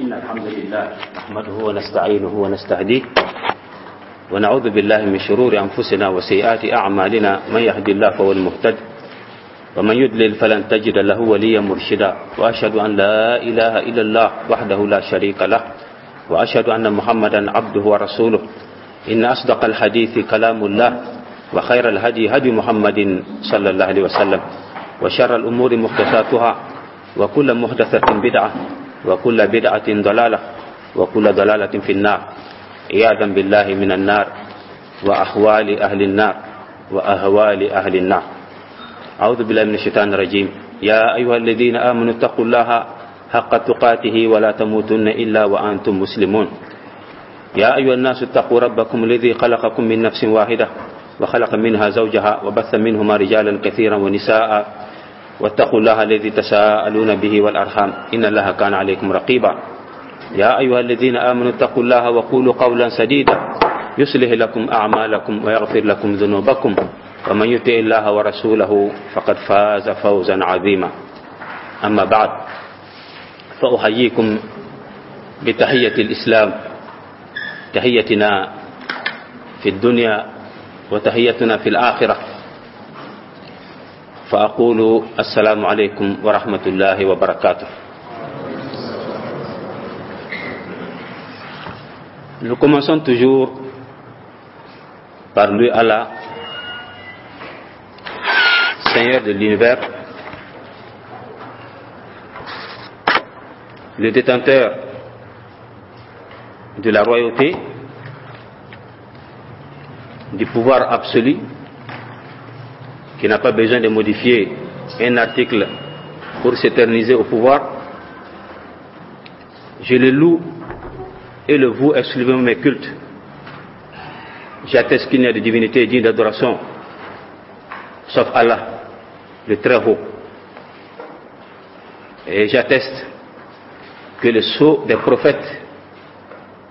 إن الحمد لله نحمده ونستعينه ونستهديه ونعوذ بالله من شرور أنفسنا وسيئات أعمالنا من يهدي الله فهو المهتد ومن يدلل فلن تجد له وليا مرشدا وأشهد أن لا إله إلا الله وحده لا شريك له وأشهد أن محمدا عبده ورسوله إن أصدق الحديث كلام الله وخير الهدي هدي محمد صلى الله عليه وسلم وشر الأمور محدثاتها وكل محدثة بدعة وكل بدعة ضلالة وكل ضلالة في النار عياذا بالله من النار وأحوال أهل النار وأهوال أهل النار أعوذ بالله من الشيطان الرجيم يا أيها الذين آمنوا اتقوا الله حق تقاته ولا تموتن إلا وأنتم مسلمون يا أيها الناس اتقوا ربكم الذي خلقكم من نفس واحدة وخلق منها زوجها وبث منهما رجالا كثيرا ونساء واتقوا الله الذي تساءلون به والأرحام إن الله كان عليكم رقيبا يا أيها الذين آمنوا اتقوا الله وقولوا قولا سديدا يصلح لكم أعمالكم ويغفر لكم ذنوبكم ومن يطع الله ورسوله فقد فاز فوزا عظيما أما بعد فأحييكم بتحية الإسلام تحيتنا في الدنيا وتحيتنا في الآخرة wa barakatuh Nous commençons toujours par lui Allah, Seigneur de l'univers, le détenteur de la royauté, du pouvoir absolu, qui n'a pas besoin de modifier un article pour s'éterniser au pouvoir, je le loue et le voue exclusivement mes cultes. J'atteste qu'il n'y a de divinité digne d'adoration, sauf Allah, le Très Haut. Et j'atteste que le sceau des prophètes,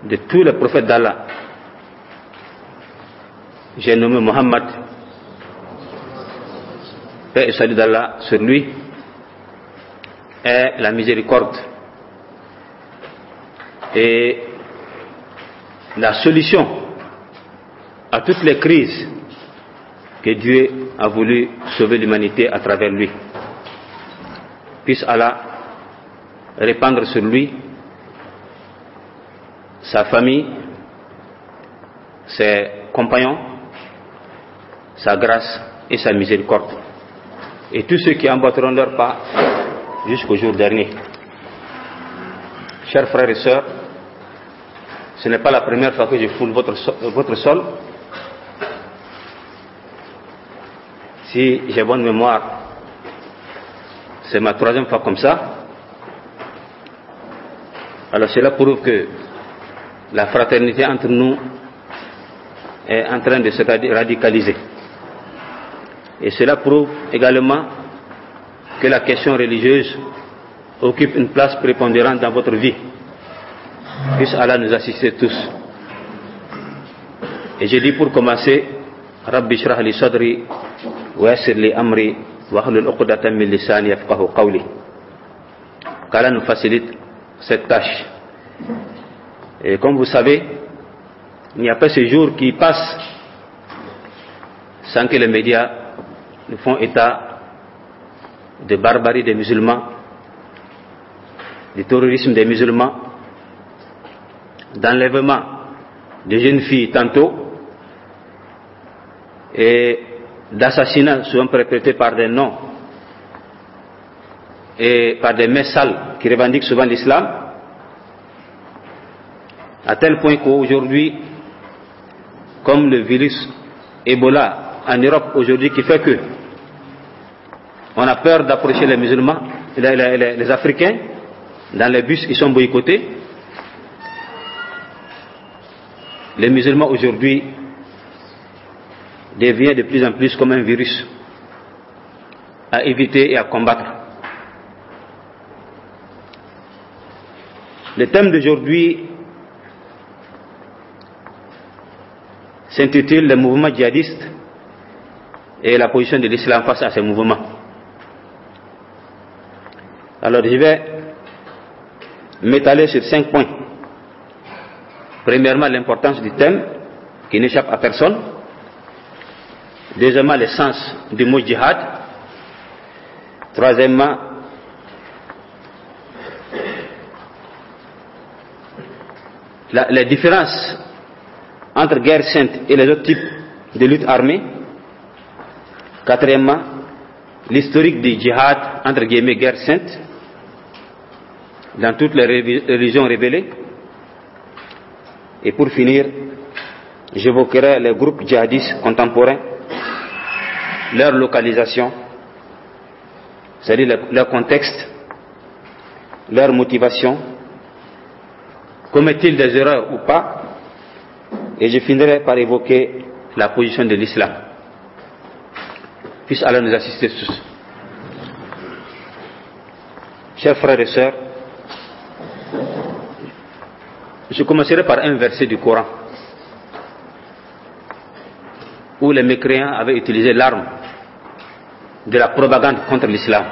de tous les prophètes d'Allah, j'ai nommé Mohammed, paix et salut d'Allah sur lui, est la miséricorde. Et la solution à toutes les crises que Dieu a voulu sauver l'humanité à travers lui. Puisse Allah répandre sur lui sa famille, ses compagnons, sa grâce et sa miséricorde et tous ceux qui emboîteront leur pas jusqu'au jour dernier. Chers frères et sœurs, ce n'est pas la première fois que je foule votre, votre sol. Si j'ai bonne mémoire, c'est ma troisième fois comme ça. Alors cela prouve que la fraternité entre nous est en train de se radicaliser. Et cela prouve également que la question religieuse occupe une place prépondérante dans votre vie. Puisse Allah nous assister tous. Et je dis pour commencer Rabbi shrah li sadri wa amri Wahlul qawli. Qu'Allah nous facilite cette tâche. Et comme vous savez, il n'y a pas ce jour qui passe sans que les médias font état de barbarie des musulmans, du terrorisme des musulmans, d'enlèvement de jeunes filles tantôt, et d'assassinats souvent perpétrés par des noms et par des messales qui revendiquent souvent l'islam, à tel point qu'aujourd'hui, comme le virus Ebola en Europe aujourd'hui qui fait que on a peur d'approcher les musulmans, les, Africains. Dans les bus, ils sont boycottés. Les musulmans aujourd'hui deviennent de plus en plus comme un virus à éviter et à combattre. Le thème d'aujourd'hui s'intitule Les mouvements djihadistes et la position de l'islam face à ces mouvements. Alors je vais m'étaler sur cinq points. Premièrement, l'importance du thème qui n'échappe à personne. Deuxièmement, le sens du mot djihad. Troisièmement, la, différence entre guerre sainte et les autres types de lutte armée. Quatrièmement, l'historique du djihad, entre guillemets, guerre sainte dans toutes les religions révélées. Et pour finir, j'évoquerai les groupes djihadistes contemporains, leur localisation, c'est-à-dire leur contexte, leur motivation, commettent-ils des erreurs ou pas, et je finirai par évoquer la position de l'islam. Puisse Allah nous assister tous. Chers frères et sœurs, je commencerai par un verset du Coran où les mécréants avaient utilisé l'arme de la propagande contre l'islam.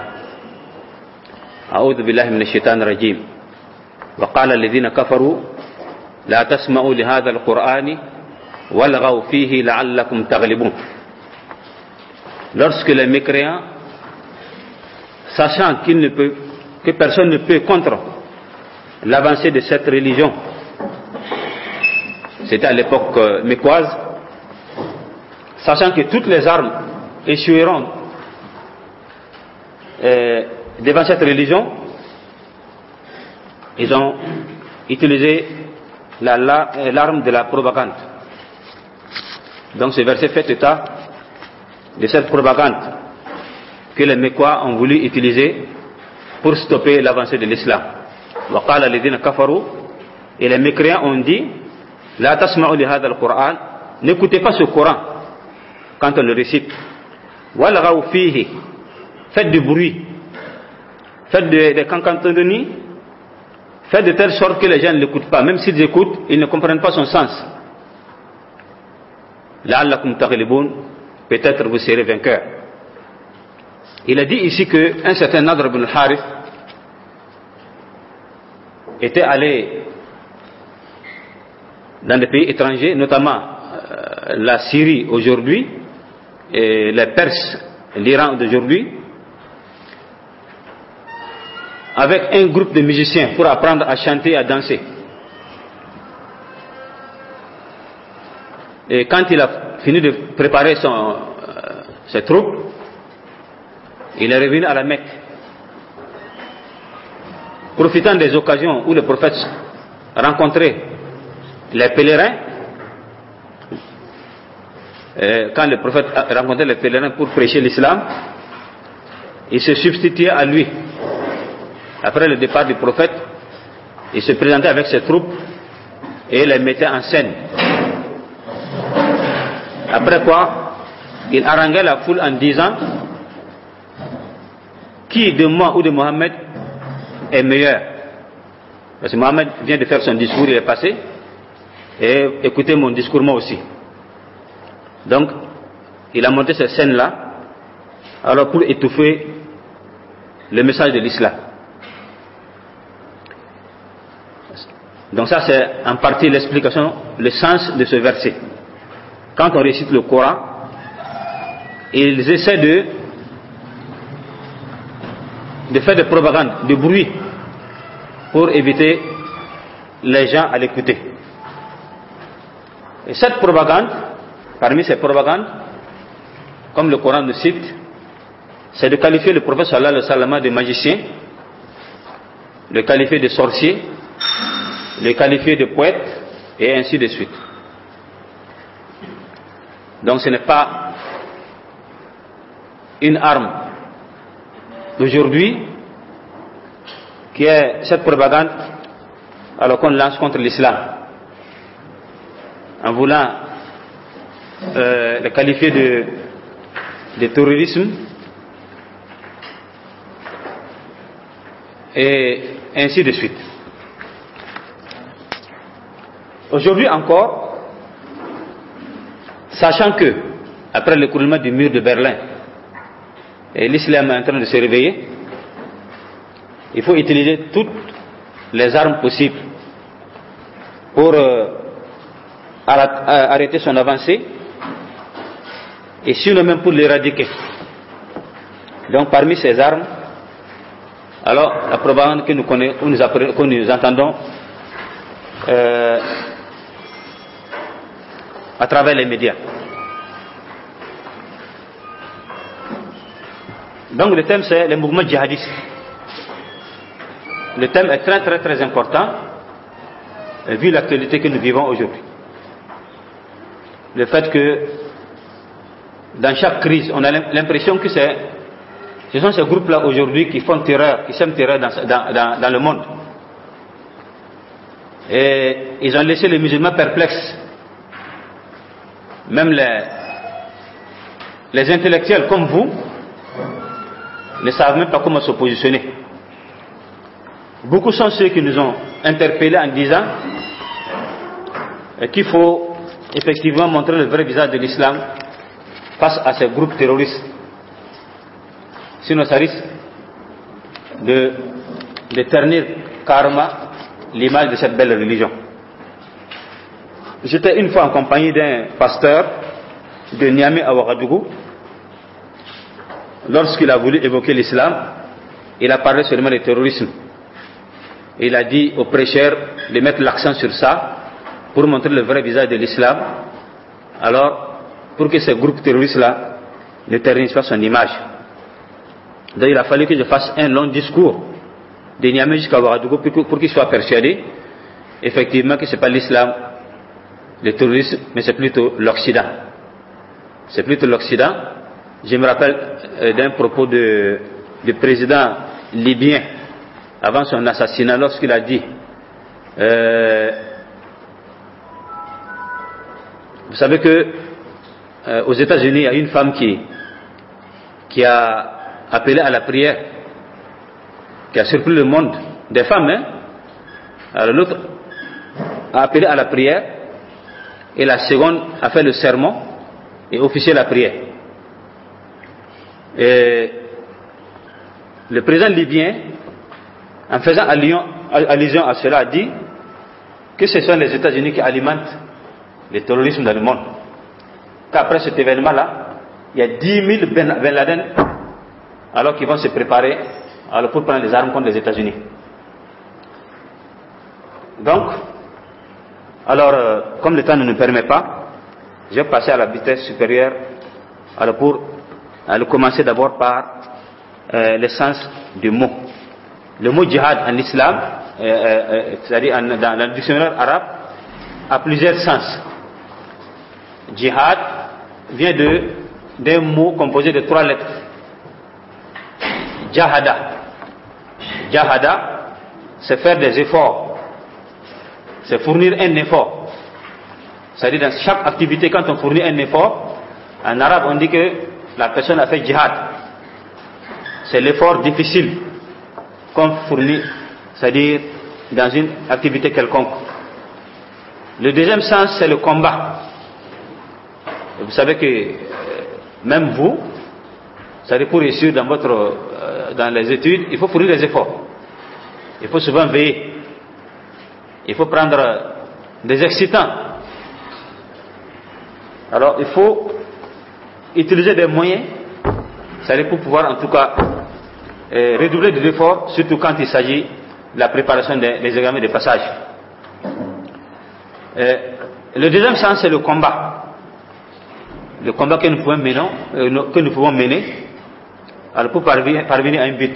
Lorsque les mécréants, sachant ne que personne ne peut contre l'avancée de cette religion, c'était à l'époque euh, mécoise, sachant que toutes les armes échoueront euh, devant cette religion, ils ont utilisé euh, l'arme de la propagande. Donc ce verset fait état de cette propagande que les Mécois ont voulu utiliser pour stopper l'avancée de l'islam. Et les mécréants ont dit N'écoutez pas ce Coran quand on le récite. Faites du bruit. Faites des de nuit. Faites de telle sorte que les gens ne l'écoutent pas. Même s'ils écoutent, ils ne comprennent pas son sens. Peut-être vous serez vainqueur. Il a dit ici que Un certain Nadr ibn Harith était allé dans des pays étrangers, notamment euh, la Syrie aujourd'hui, et les Perses, l'Iran d'aujourd'hui, avec un groupe de musiciens pour apprendre à chanter et à danser. Et quand il a fini de préparer son, euh, ses troupes, il est revenu à la Mecque. Profitant des occasions où le prophète rencontrait les pèlerins, euh, quand le prophète rencontrait les pèlerins pour prêcher l'islam, il se substituait à lui. Après le départ du prophète, il se présentait avec ses troupes et les mettait en scène. Après quoi, il haranguait la foule en disant Qui de moi ou de Mohammed est meilleur Parce que Mohammed vient de faire son discours, il est passé et écoutez mon discours moi aussi. Donc, il a monté cette scène-là, alors pour étouffer le message de l'islam. Donc ça, c'est en partie l'explication, le sens de ce verset. Quand on récite le Coran, ils essaient de, de faire de propagande, de bruit, pour éviter les gens à l'écouter cette propagande, parmi ces propagandes, comme le Coran le cite, c'est de qualifier le prophète sallallahu le wa de magicien, le qualifier de sorcier, le qualifier de poète, et ainsi de suite. Donc ce n'est pas une arme d'aujourd'hui qui est cette propagande alors qu'on lance contre l'islam en voulant euh, le qualifier de, terrorisme. Et ainsi de suite. Aujourd'hui encore, sachant que, après coulement du mur de Berlin, l'islam est en train de se réveiller, il faut utiliser toutes les armes possibles pour euh, arrêter son avancée et le même pour l'éradiquer. Donc parmi ces armes, alors la propagande que nous, connaissons, que nous entendons euh, à travers les médias. Donc le thème c'est les mouvements djihadistes. Le thème est très très très important euh, vu l'actualité que nous vivons aujourd'hui le fait que dans chaque crise, on a l'impression que c'est, ce sont ces groupes-là aujourd'hui qui font terreur, qui sèment terreur dans, le monde. Et ils ont laissé les musulmans perplexes. Même les intellectuels comme vous ne savent même pas comment se positionner. Beaucoup sont ceux qui nous ont interpellés en disant qu'il faut effectivement montrer le vrai visage de l'islam face à ces groupes terroristes. Sinon, ça risque de, ternir karma, l'image de cette belle religion. J'étais une fois en compagnie d'un pasteur de Niamey à Ouagadougou. Lorsqu'il a voulu évoquer l'islam, il a parlé seulement du terrorisme. Il a dit aux prêcheurs de mettre l'accent sur ça pour montrer le vrai visage de l'islam, alors pour que ce groupe terroriste là ne termine pas son image. Donc il a fallu que je fasse un long discours de Niamey jusqu'à Ouagadougou pour qu'il soit persuadé effectivement, que ce n'est pas l'islam, le terrorisme, mais c'est plutôt l'Occident. C'est plutôt l'Occident. Je me rappelle euh, d'un propos de, du président libyen avant son assassinat lorsqu'il a dit euh, vous savez que euh, aux États-Unis, il y a une femme qui, qui a appelé à la prière, qui a surpris le monde, des femmes, hein. Alors l'autre a appelé à la prière, et la seconde a fait le serment et officié la prière. Et le président libyen, en faisant allusion à cela, a dit que ce sont les États-Unis qui alimentent le terrorisme dans le monde. Qu'après cet événement-là, il y a 10 000 Ben, Laden alors qu'ils vont se préparer alors pour prendre les armes contre les États-Unis. Donc, alors, euh, comme le temps ne nous permet pas, je vais passer à la vitesse supérieure alors pour commencer d'abord par euh, le sens du mot. Le mot djihad en islam, euh, euh, c'est-à-dire dans le dictionnaire arabe, a plusieurs sens. Jihad vient de d'un mot composé de trois lettres. Jahada. Jahada, c'est faire des efforts. C'est fournir un effort. C'est-à-dire dans chaque activité, quand on fournit un effort, en arabe on dit que la personne a fait jihad. C'est l'effort difficile qu'on fournit, c'est-à-dire dans une activité quelconque. Le deuxième sens, c'est le combat vous savez que euh, même vous, cest pour réussir dans, votre, euh, dans les études, il faut fournir des efforts. Il faut souvent veiller. Il faut prendre euh, des excitants. Alors il faut utiliser des moyens, cest à pour pouvoir en tout cas redoubler des efforts, surtout quand il s'agit de la préparation des, examens de passage. le deuxième sens, c'est le combat le combat que nous pouvons mener, euh, que nous pouvons mener alors pour parvenir, à un but.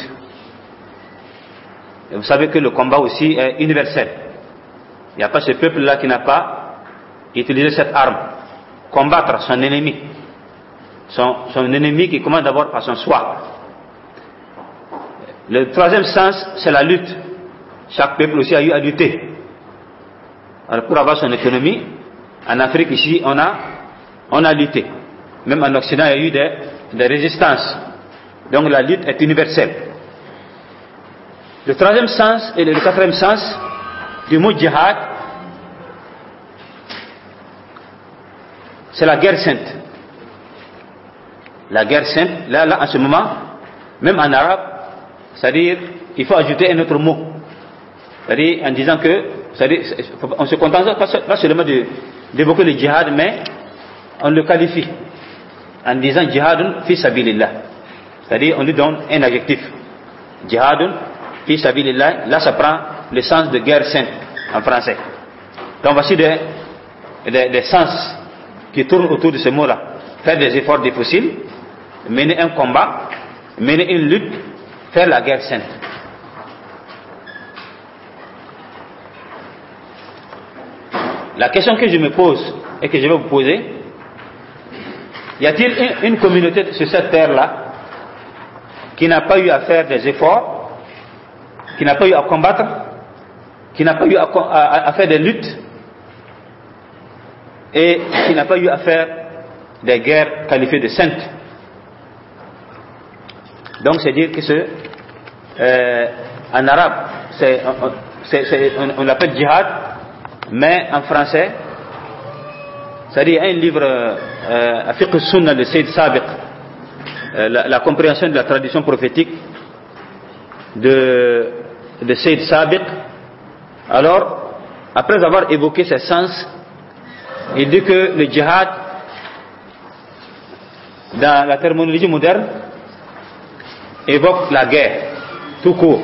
vous savez que le combat aussi est universel. Il n'y a pas ce peuple-là qui n'a pas utilisé cette arme. Combattre son ennemi. Son, son ennemi qui commence d'abord par son soi. Le troisième sens, c'est la lutte. Chaque peuple aussi a eu à lutter. Alors pour avoir son économie, en Afrique ici, on a on a lutté. Même en Occident, il y a eu des, résistances. Donc la lutte est universelle. Le troisième sens et le quatrième sens du mot djihad, c'est la guerre sainte. La guerre sainte, là, là, en ce moment, même en arabe, c'est-à-dire, il faut ajouter un autre mot. C'est-à-dire, en disant que, c'est-à-dire, on se contente pas seulement d'évoquer le djihad, mais on le qualifie en disant jihadun fi sabilillah. C'est-à-dire, on lui donne un adjectif. Jihadun fi sabilillah. Là, ça prend le sens de guerre sainte en français. Donc, voici des, des, sens qui tournent autour de ce mot-là. Faire des efforts difficiles, mener un combat, mener une lutte, faire la guerre sainte. La question que je me pose et que je vais vous poser, y a-t-il une communauté sur cette terre-là qui n'a pas eu à faire des efforts, qui n'a pas eu à combattre, qui n'a pas eu à, faire des luttes et qui n'a pas eu à faire des guerres qualifiées de saintes Donc c'est dire que ce, euh, en arabe, c'est, on l'appelle djihad, mais en français, c'est-à-dire, un livre, euh, Afiq Sunna de Sayyid Sabiq, euh, la, compréhension de la tradition prophétique de, de Sayyid Sabiq. Alors, après avoir évoqué ses sens, il dit que le djihad, dans la terminologie moderne, évoque la guerre, tout court.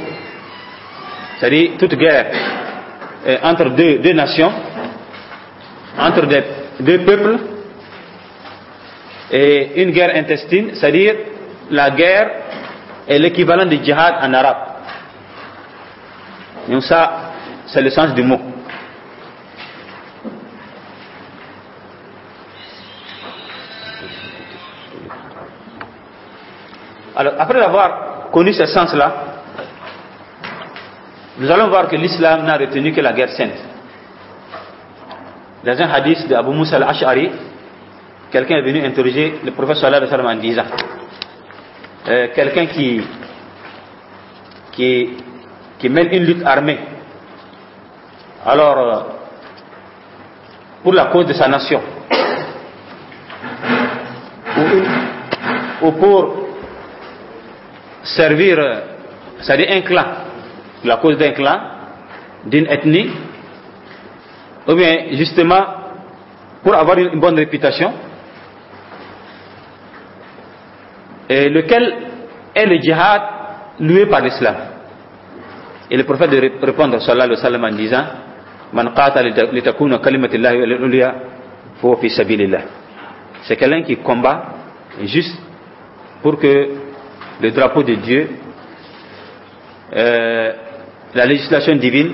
C'est-à-dire toute guerre euh, entre deux nations, entre des deux peuples et une guerre intestine, c'est-à-dire la guerre est l'équivalent du djihad en arabe. Donc ça, c'est le sens du mot. Alors, après avoir connu ce sens-là, nous allons voir que l'islam n'a retenu que la guerre sainte. Dans un hadith de Abu Musa al-Ash'ari, quelqu'un est venu interroger le prophète sallallahu alayhi wa en disant euh, quelqu'un qui, qui, mène une lutte armée, alors euh, pour la cause de sa nation, ou pour servir, euh, c'est-à-dire un clan, la cause d'un clan, d'une ethnie, ou bien justement pour avoir une bonne réputation, et lequel est le djihad loué par l'islam. Et le prophète de répondre sallallahu le wa sallam en disant C'est quelqu'un qui combat juste pour que le drapeau de Dieu, euh, la législation divine,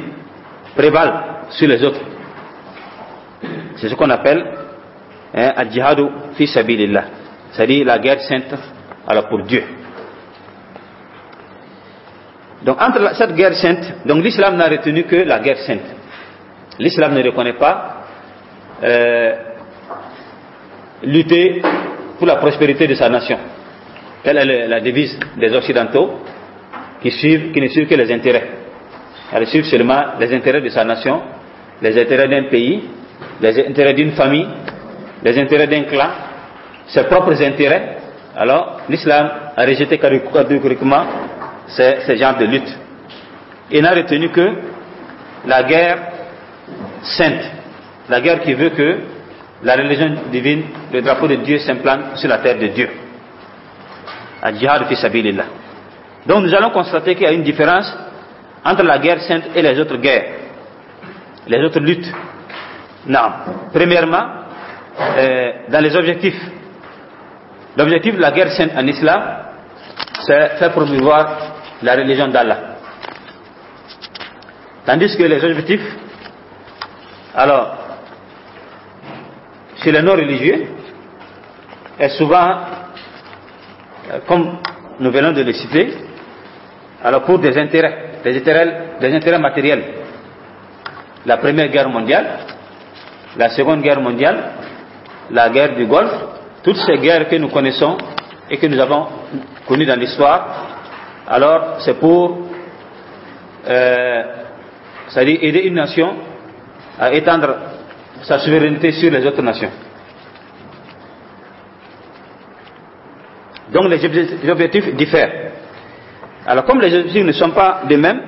prévale sur les autres. C'est ce qu'on appelle hein, al-jihadu fi c'est-à-dire la guerre sainte alors pour Dieu. Donc entre cette guerre sainte, donc l'islam n'a retenu que la guerre sainte. L'islam ne reconnaît pas euh, lutter pour la prospérité de sa nation. Telle est la devise des Occidentaux qui, qui ne suivent que les intérêts. Elle suit seulement les intérêts de sa nation, les intérêts d'un pays, les intérêts d'une famille, les intérêts d'un clan, ses propres intérêts, alors l'islam a rejeté catégoriquement ces, genre genres de lutte. il n'a retenu que la guerre sainte, la guerre qui veut que la religion divine, le drapeau de Dieu s'implante sur la terre de Dieu. Donc nous allons constater qu'il y a une différence entre la guerre sainte et les autres guerres, les autres luttes non. Premièrement, euh, dans les objectifs. L'objectif de la guerre sainte en islam, c'est faire promouvoir la religion d'Allah. Tandis que les objectifs, alors, sur les non-religieux, est souvent, euh, comme nous venons de le citer, alors pour des intérêts, des intérêts matériels. La première guerre mondiale, la Seconde Guerre mondiale, la guerre du Golfe, toutes ces guerres que nous connaissons et que nous avons connues dans l'histoire, alors c'est pour euh, aider une nation à étendre sa souveraineté sur les autres nations. Donc les objectifs diffèrent. Alors comme les objectifs ne sont pas les mêmes,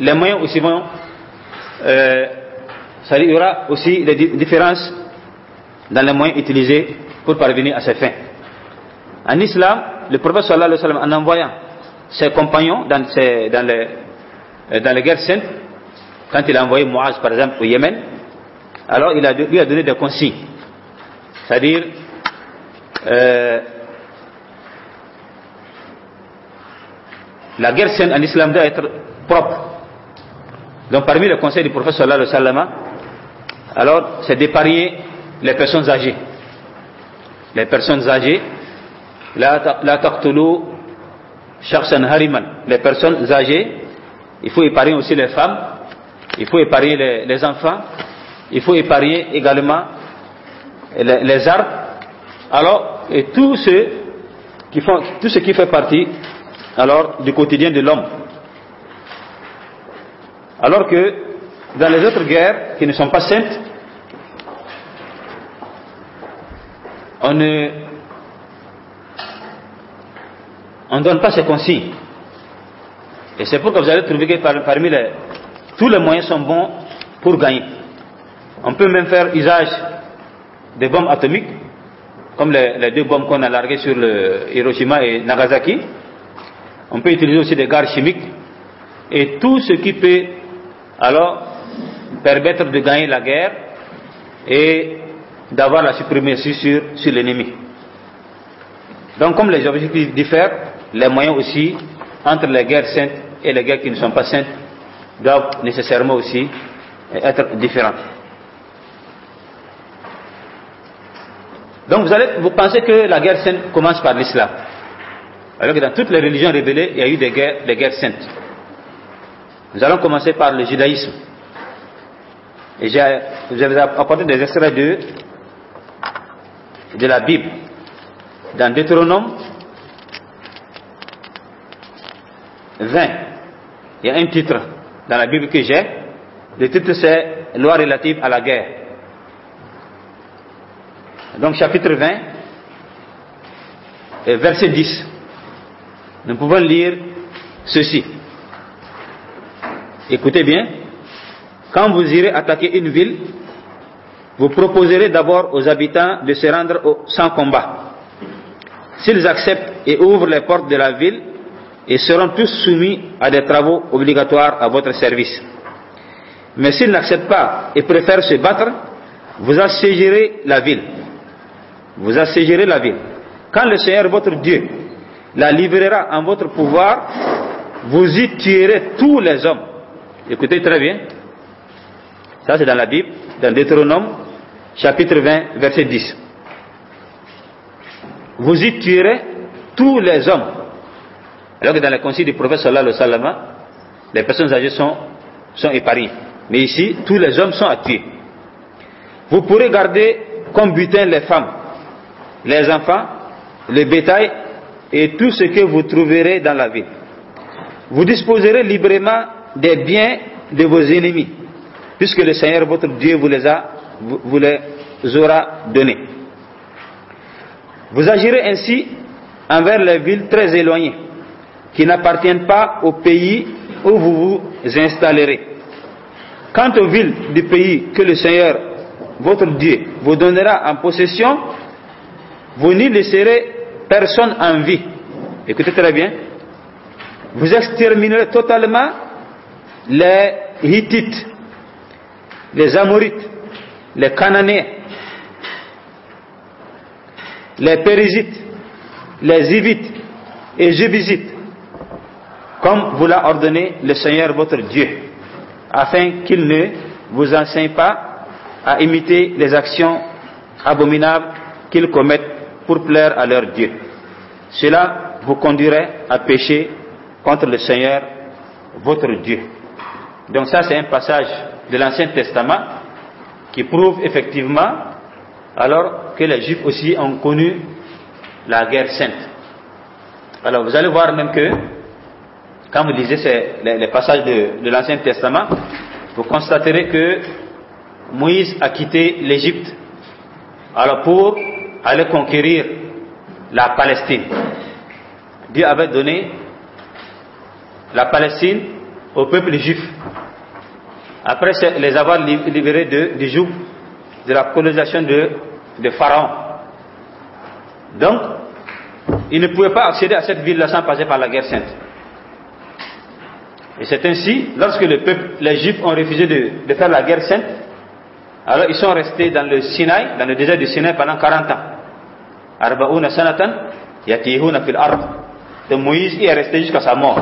les moyens aussi vont euh, il y aura aussi des différences dans les moyens utilisés pour parvenir à ses fins. En islam, le prophète sallallahu alayhi wa sallam, en envoyant ses compagnons dans, euh, dans, les, guerres saintes, quand il a envoyé Muaz par exemple au Yémen, alors il a, lui a donné des consignes. C'est-à-dire, euh, la guerre sainte en islam doit être propre. Donc parmi les conseils du prophète sallallahu alayhi wa alors c'est d'épargner les personnes âgées. Les personnes âgées, la taqtulu hariman. Les personnes âgées, il faut épargner aussi les femmes, il faut épargner les, enfants, il faut épargner également les, les, arbres. Alors, et tout ce qui font, tout ce qui fait partie, alors, du quotidien de l'homme. Alors que, dans les autres guerres qui ne sont pas saintes, on ne on donne pas ces consignes. Et c'est pour que vous allez trouver que parmi les tous les moyens sont bons pour gagner. On peut même faire usage des bombes atomiques, comme les, deux bombes qu'on a larguées sur le Hiroshima et Nagasaki. On peut utiliser aussi des gares chimiques et tout ce qui peut alors permettre de gagner la guerre et d'avoir la suprématie sur, l'ennemi. Donc comme les objectifs diffèrent, les moyens aussi, entre les guerres saintes et les guerres qui ne sont pas saintes, doivent nécessairement aussi être différents. Donc vous vous pensez que la guerre sainte commence par l'islam. Alors que dans toutes les religions révélées, il y a eu des guerres, des guerres saintes. Nous allons commencer par le judaïsme. Et je vous ai apporté des extraits de de la Bible, dans Deutéronome 20, il y a un titre dans la Bible que j'ai. Le titre c'est Loi relative à la guerre. Donc chapitre 20, et verset 10. Nous pouvons lire ceci. Écoutez bien. Quand vous irez attaquer une ville, vous proposerez d'abord aux habitants de se rendre sans combat. S'ils acceptent et ouvrent les portes de la ville, ils seront tous soumis à des travaux obligatoires à votre service. Mais s'ils n'acceptent pas et préfèrent se battre, vous assiégerez la ville. Vous assiégerez la ville. Quand le Seigneur votre Dieu la livrera en votre pouvoir, vous y tuerez tous les hommes. Écoutez très bien. Ça c'est dans la Bible, dans Deutéronome chapitre 20, verset 10. Vous y tuerez tous les hommes. Alors que dans le concile du prophète sallallahu le wa les personnes âgées sont, sont épargnées. Mais ici, tous les hommes sont à tuer. Vous pourrez garder comme butin les femmes, les enfants, le bétail et tout ce que vous trouverez dans la ville. Vous disposerez librement des biens de vos ennemis, puisque le Seigneur votre Dieu vous les a vous, les aura donnés. Vous agirez ainsi envers les villes très éloignées, qui n'appartiennent pas au pays où vous vous installerez. Quant aux villes du pays que le Seigneur, votre Dieu, vous donnera en possession, vous n'y laisserez personne en vie. Écoutez très bien. Vous exterminerez totalement les Hittites, les Amorites, les Cananéens, les Périsites, les Zivites et Jébusites, comme vous l'a ordonné le Seigneur votre Dieu, afin qu'il ne vous enseigne pas à imiter les actions abominables qu'ils commettent pour plaire à leur Dieu. Cela vous conduirait à pécher contre le Seigneur votre Dieu. Donc ça, c'est un passage de l'Ancien Testament qui prouve effectivement alors que les Juifs aussi ont connu la guerre sainte. Alors vous allez voir même que quand vous lisez ces, les, passages de, de l'Ancien Testament, vous constaterez que Moïse a quitté l'Égypte alors pour aller conquérir la Palestine. Dieu avait donné la Palestine au peuple juif après les avoir libérés du joug de la colonisation de, Pharaon. Donc, ils ne pouvaient pas accéder à cette ville-là sans passer par la guerre sainte. Et c'est ainsi, lorsque le peuple, les Juifs ont refusé de, faire la guerre sainte, alors ils sont restés dans le Sinaï, dans le désert du Sinaï pendant 40 ans. Arbaouna sanatan Yatihouna fil ard. Donc Moïse y est resté jusqu'à sa mort.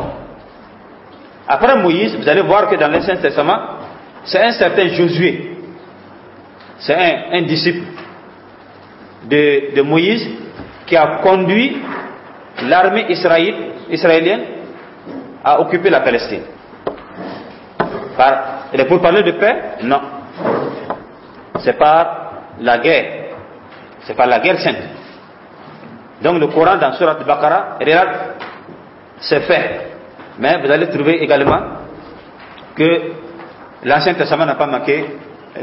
Après Moïse, vous allez voir que dans l'Ancien Testament, c'est un certain Josué. C'est un, disciple de, Moïse qui a conduit l'armée israélienne à occuper la Palestine. Par, et pour parler de paix Non. C'est par la guerre. C'est par la guerre sainte. Donc le Coran dans Surat Bakara regarde, c'est fait. Mais vous allez trouver également que l'Ancien Testament n'a pas manqué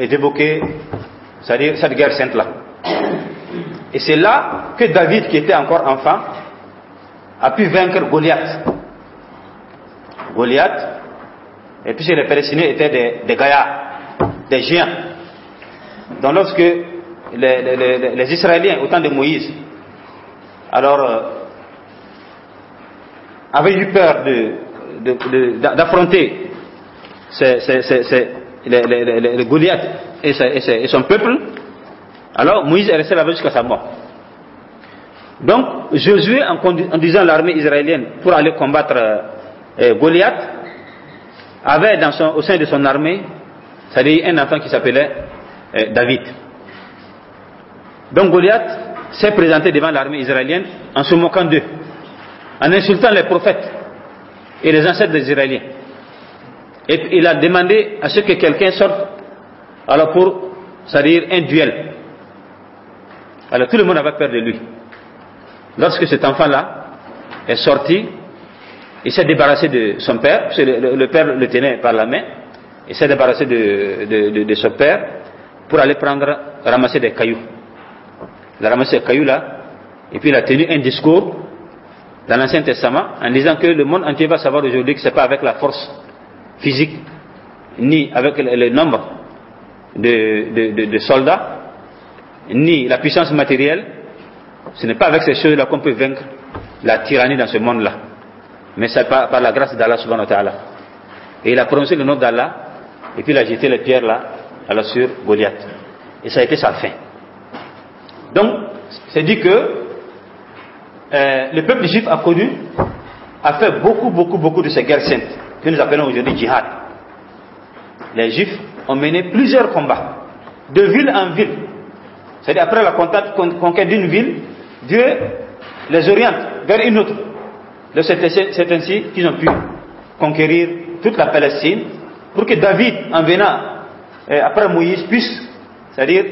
d'évoquer cest cette guerre sainte-là. Et c'est là que David, qui était encore enfant, a pu vaincre Goliath. Goliath, et puis les Palestiniens étaient des, gaïas, des géants. Donc lorsque les, Israéliens, au temps de Moïse, alors, euh, avaient eu peur d'affronter le Goliath et, son peuple, alors Moïse est resté là-bas jusqu'à sa mort. Donc Jésus en, conduisant disant l'armée israélienne pour aller combattre euh, euh, Goliath, avait dans son, au sein de son armée, c'est-à-dire un enfant qui s'appelait euh, David. Donc Goliath s'est présenté devant l'armée israélienne en se moquant d'eux, en insultant les prophètes et les ancêtres des Israéliens et il a demandé à ce que quelqu'un sorte alors pour, c'est-à-dire un duel. Alors tout le monde avait peur de lui. Lorsque cet enfant-là est sorti, il s'est débarrassé de son père, parce le, père le tenait par la main, il s'est débarrassé de, son père pour aller prendre, ramasser des cailloux. Il a ramassé des cailloux là, et puis il a tenu un discours dans l'Ancien Testament en disant que le monde entier va savoir aujourd'hui que c'est pas avec la force physique, ni avec le nombre de, soldats, ni la puissance matérielle, ce n'est pas avec ces choses-là qu'on peut vaincre la tyrannie dans ce monde-là. Mais c'est par, par, la grâce d'Allah subhanahu wa ta'ala. Et il a prononcé le nom d'Allah, et puis il a jeté les pierres là, à sur Goliath. Et ça a été sa fin. Donc, c'est dit que euh, le peuple juif a connu, a fait beaucoup, beaucoup, beaucoup de ces guerres saintes que nous appelons aujourd'hui djihad. Les Juifs ont mené plusieurs combats, de ville en ville. C'est-à-dire après la conquête d'une ville, Dieu les oriente vers une autre. C'est ainsi qu'ils ont pu conquérir toute la Palestine pour que David, en venant euh, après Moïse, puisse, c'est-à-dire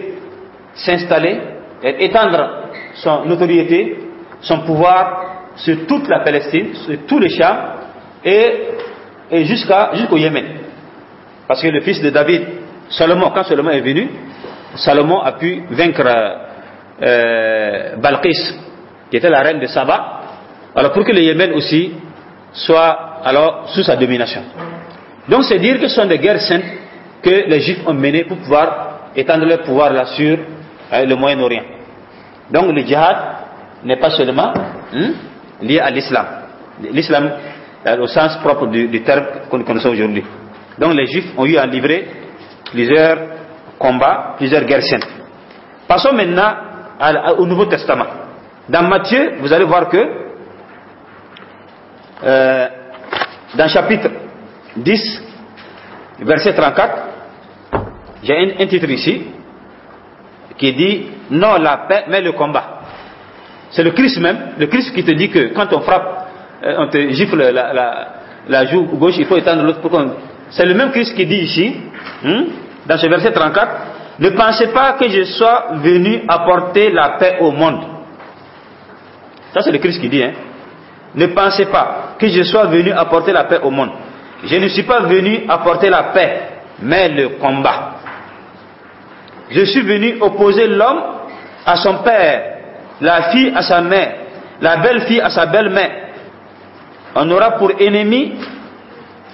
s'installer et étendre son autorité, son pouvoir sur toute la Palestine, sur tous les champs, et et jusqu'à jusqu'au Yémen. Parce que le fils de David, Salomon, quand Salomon est venu, Salomon a pu vaincre euh, qui était la reine de Saba. Alors pour que le Yémen aussi soit alors sous sa domination. Donc c'est dire que ce sont des guerres saintes que les Juifs ont menées pour pouvoir étendre leur pouvoir là sur euh, le Moyen-Orient. Donc le djihad n'est pas seulement hein, lié à l'islam. L'islam au sens propre du, terme que nous connaissons aujourd'hui. Donc les Juifs ont eu à livrer plusieurs combats, plusieurs guerres saintes. Passons maintenant au Nouveau Testament. Dans Matthieu, vous allez voir que euh, dans chapitre 10, verset 34, j'ai un, titre ici qui dit non la paix mais le combat. C'est le Christ même, le Christ qui te dit que quand on frappe euh, on te gifle la, joue gauche, il faut étendre l'autre C'est le même Christ qui dit ici, hein, dans ce verset 34, ne pensez pas que je sois venu apporter la paix au monde. Ça, c'est le Christ qui dit, hein. Ne pensez pas que je sois venu apporter la paix au monde. Je ne suis pas venu apporter la paix, mais le combat. Je suis venu opposer l'homme à son père, la fille à sa mère, la belle fille à sa belle-mère, on aura pour ennemi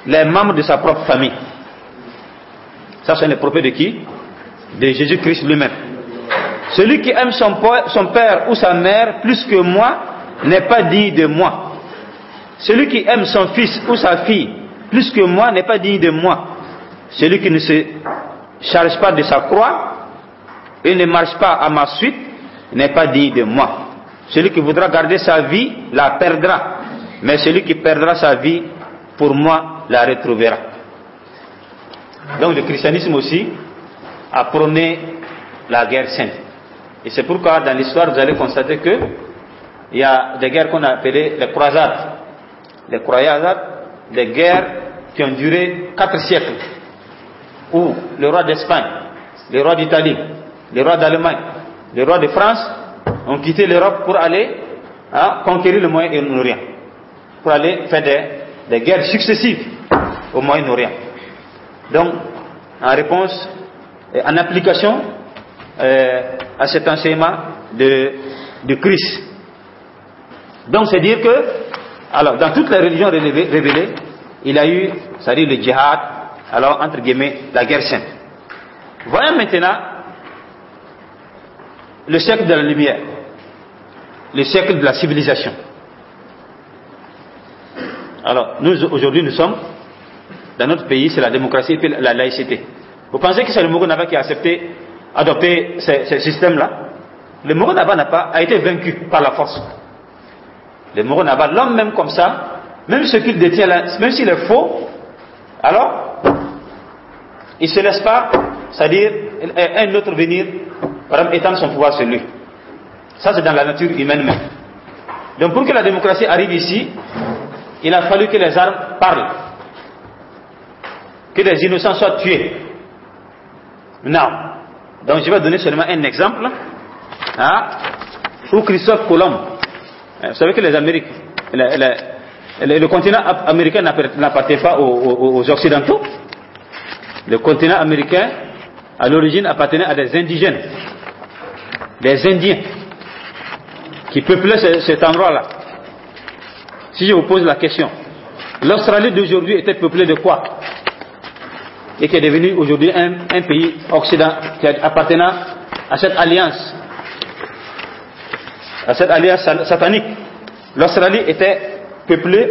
les membres de sa propre famille. Ça, c'est le propos de qui De Jésus-Christ lui-même. Celui qui aime son, son père ou sa mère plus que moi n'est pas digne de moi. Celui qui aime son fils ou sa fille plus que moi n'est pas digne de moi. Celui qui ne se charge pas de sa croix et ne marche pas à ma suite n'est pas digne de moi. Celui qui voudra garder sa vie la perdra mais celui qui perdra sa vie, pour moi, la retrouvera. Donc le christianisme aussi a prôné la guerre sainte. Et c'est pourquoi dans l'histoire, vous allez constater que il y a des guerres qu'on a appelées les croisades. Les croisades, des guerres qui ont duré quatre siècles, où le roi d'Espagne, le roi d'Italie, le roi d'Allemagne, le roi de France ont quitté l'Europe pour aller hein, conquérir le Moyen-Orient pour aller faire des, guerres successives au Moyen-Orient. Donc, en réponse, en application euh, à cet enseignement de, Christ. Donc, c'est dire que, alors, dans toutes les religions révélées, il a eu, cest à le djihad, alors, entre guillemets, la guerre sainte. Voyons maintenant le siècle de la lumière, le siècle de la civilisation. Alors, nous, aujourd'hui, nous sommes, dans notre pays, c'est la démocratie et puis la laïcité. Vous pensez que c'est le Mugunaba qui a accepté, adopté ce, système-là Le Mugunaba n'a pas, a été vaincu par la force. Le Mugunaba, l'homme même comme ça, même ce qu'il détient là, même s'il est faux, alors, il ne se laisse pas, c'est-à-dire, un autre venir, par exemple, étendre son pouvoir sur lui. Ça, c'est dans la nature humaine même. Donc, pour que la démocratie arrive ici, il a fallu que les armes parlent, que des innocents soient tués. Non. Donc je vais donner seulement un exemple. ah, où Christophe Colomb, hein, vous savez que les Amériques, le, continent américain n'appartient pas aux, Occidentaux. Le continent américain, à l'origine, appartenait à des indigènes, des Indiens, qui peuplaient cet endroit-là. Si je vous pose la question, l'Australie d'aujourd'hui était peuplée de quoi Et qui est devenue aujourd'hui un, pays occident qui appartenant à cette alliance, à cette alliance satanique. L'Australie était peuplée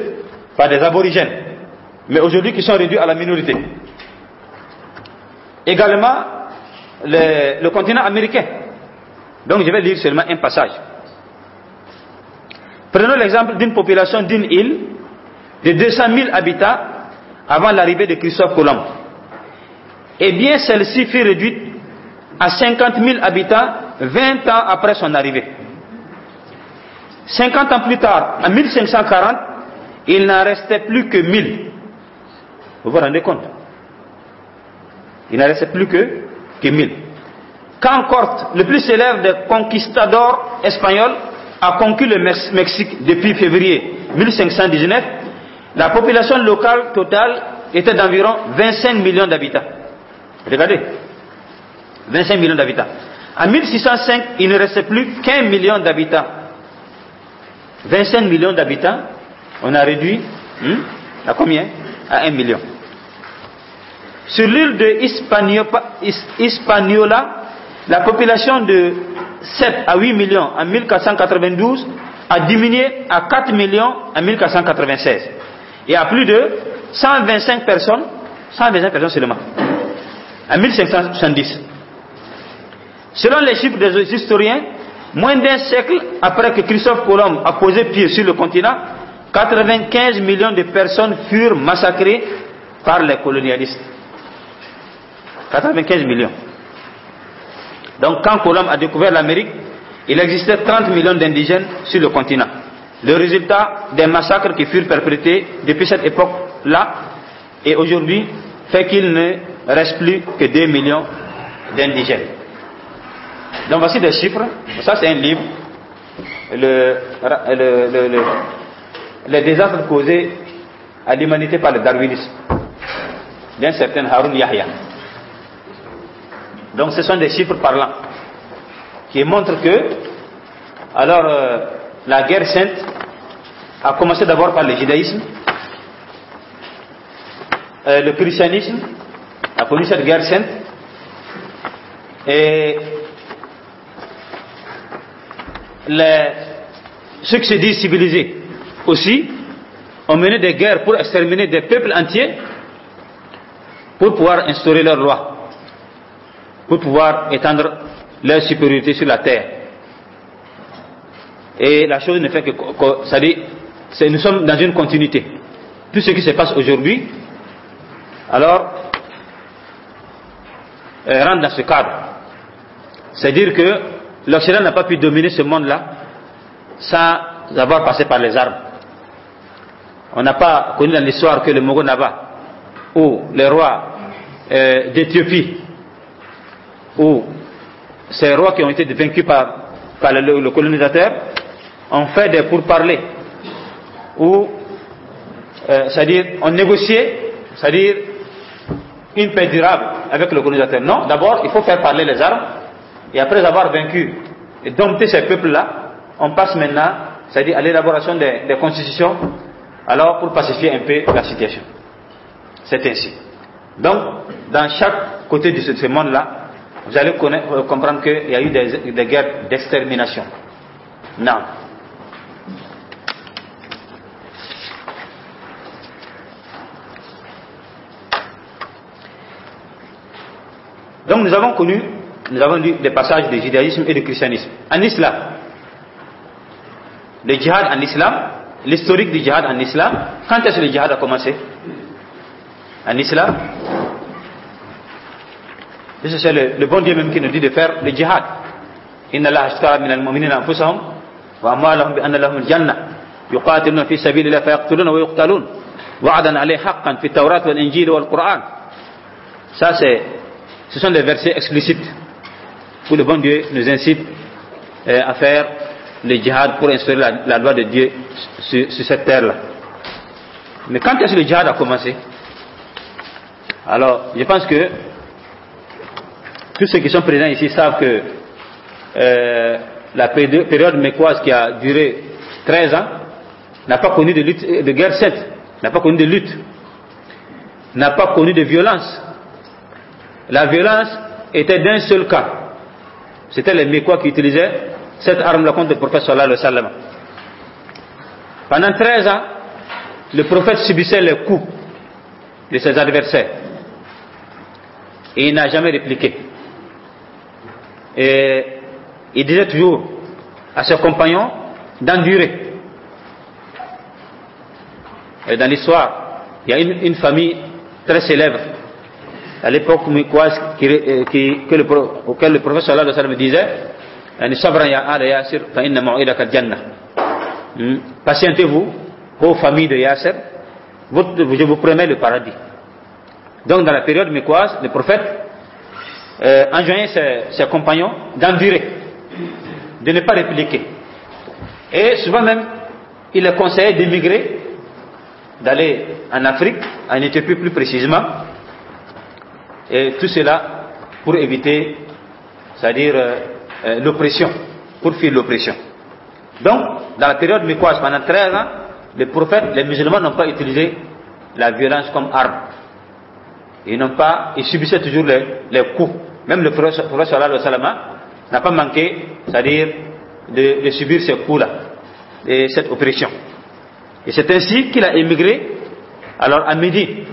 par des aborigènes, mais aujourd'hui qui sont réduits à la minorité. Également, le continent américain. Donc je vais lire seulement un passage. Prenons l'exemple d'une population d'une île de 200 000 habitants avant l'arrivée de Christophe Colomb. Eh bien, celle-ci fut réduite à 50 000 habitants 20 ans après son arrivée. 50 ans plus tard, en 1540, il n'en restait plus que 1000. Vous vous rendez compte Il n'en restait plus que, que 1000. Quand Corte, le plus célèbre des conquistadors espagnols, a conquis le Mexique depuis février 1519, la population locale totale était d'environ 25 millions d'habitants. Regardez, 25 millions d'habitants. En 1605, il ne restait plus qu'un million d'habitants. 25 millions d'habitants, on a réduit hmm, à combien À un million. Sur l'île de Hispaniola, la population de 7 à 8 millions en 1492 a diminué à 4 millions en 1496 et à plus de 125 personnes, 125 personnes seulement, en 1570. Selon les chiffres des historiens, moins d'un siècle après que Christophe Colomb a posé pied sur le continent, 95 millions de personnes furent massacrées par les colonialistes. 95 millions. Donc quand Colomb a découvert l'Amérique, il existait 30 millions d'indigènes sur le continent. Le résultat des massacres qui furent perpétrés depuis cette époque-là et aujourd'hui fait qu'il ne reste plus que 2 millions d'indigènes. Donc voici des chiffres. Ça c'est un livre. Le, les désastres causés à l'humanité par le darwinisme d'un certain Haroun Yahya. Donc ce sont des chiffres parlants qui montrent que, alors, euh, la guerre sainte a commencé d'abord par le judaïsme, euh, le christianisme a connu cette guerre sainte, et les, ceux qui se disent civilisés aussi ont mené des guerres pour exterminer des peuples entiers pour pouvoir instaurer leur loi pour pouvoir étendre leur supériorité sur la terre. Et la chose ne fait que, ça dit, nous sommes dans une continuité. Tout ce qui se passe aujourd'hui, alors, euh, rentre dans ce cadre. C'est-à-dire que l'Occident n'a pas pu dominer ce monde-là sans avoir passé par les armes. On n'a pas connu dans l'histoire que le Mogonaba ou les rois euh, d'Éthiopie où ces rois qui ont été vaincus par, le, colonisateur ont fait des pourparlers, ou euh, c'est-à-dire, ont négocié c'est-à-dire, une paix durable avec le colonisateur. Non, d'abord, il faut faire parler les armes, et après avoir vaincu et dompté ces peuples-là, on passe maintenant, c'est-à-dire à, l'élaboration des, des constitutions, alors pour pacifier un peu la situation. C'est ainsi. Donc, dans chaque côté de ce, monde-là, vous allez euh, comprendre qu'il y a eu des, guerres d'extermination. Non. Donc nous avons connu, nous avons lu des passages du judaïsme et du christianisme. En islam, le djihad en islam, l'historique du djihad en islam, quand est-ce que le djihad a commencé En islam et c'est le, le, bon Dieu même qui nous dit de faire le jihad. Inna Allah ashtara min al-mu'minina anfusahum wa amwalahum bi anna lahum al-jannah yuqatiluna fi sabilillah fayaqtuluna wa yuqtalun wa'adan alayhi haqqan fi tawrat wal injil wal qur'an. Ça c'est ce sont des versets explicites où le bon Dieu nous incite euh, à faire le jihad pour instaurer la, la loi de Dieu sur, sur cette terre-là. Mais quand est-ce que le jihad a commencé Alors, je pense que tous ceux qui sont présents ici savent que euh, la période mécoise qui a duré 13 ans n'a pas connu de, lutte, euh, de guerre n'a pas connu de lutte, n'a pas connu de violence. La violence était d'un seul cas. C'était les Mécois qui utilisaient cette arme-là contre le prophète sallallahu le wa Pendant 13 ans, le prophète subissait les coups de ses adversaires. Et il n'a jamais répliqué et il disait toujours à ses compagnons d'endurer. Et dans l'histoire, il y a une, famille très célèbre à l'époque mikoise le, auquel le professeur Allah me disait hmm? Patientez-vous, ô famille de Yasser, je vous promets le paradis. Donc dans la période mikoise, le prophète euh, ses, compagnons d'endurer, de ne pas répliquer. Et souvent même, il les conseillait d'émigrer, d'aller en Afrique, en Éthiopie plus précisément, et tout cela pour éviter, c'est-à-dire euh, euh, l'oppression, pour fuir l'oppression. Donc, dans la période mécoise, pendant 13 ans, les prophètes, les musulmans n'ont pas utilisé la violence comme arme. Ils n'ont pas, ils subissaient toujours les, les coups. Même le prophète hein, n'a pas manqué, c'est-à-dire de, de, subir ces coups-là, et cette oppression. Et c'est ainsi qu'il a émigré, alors à Médine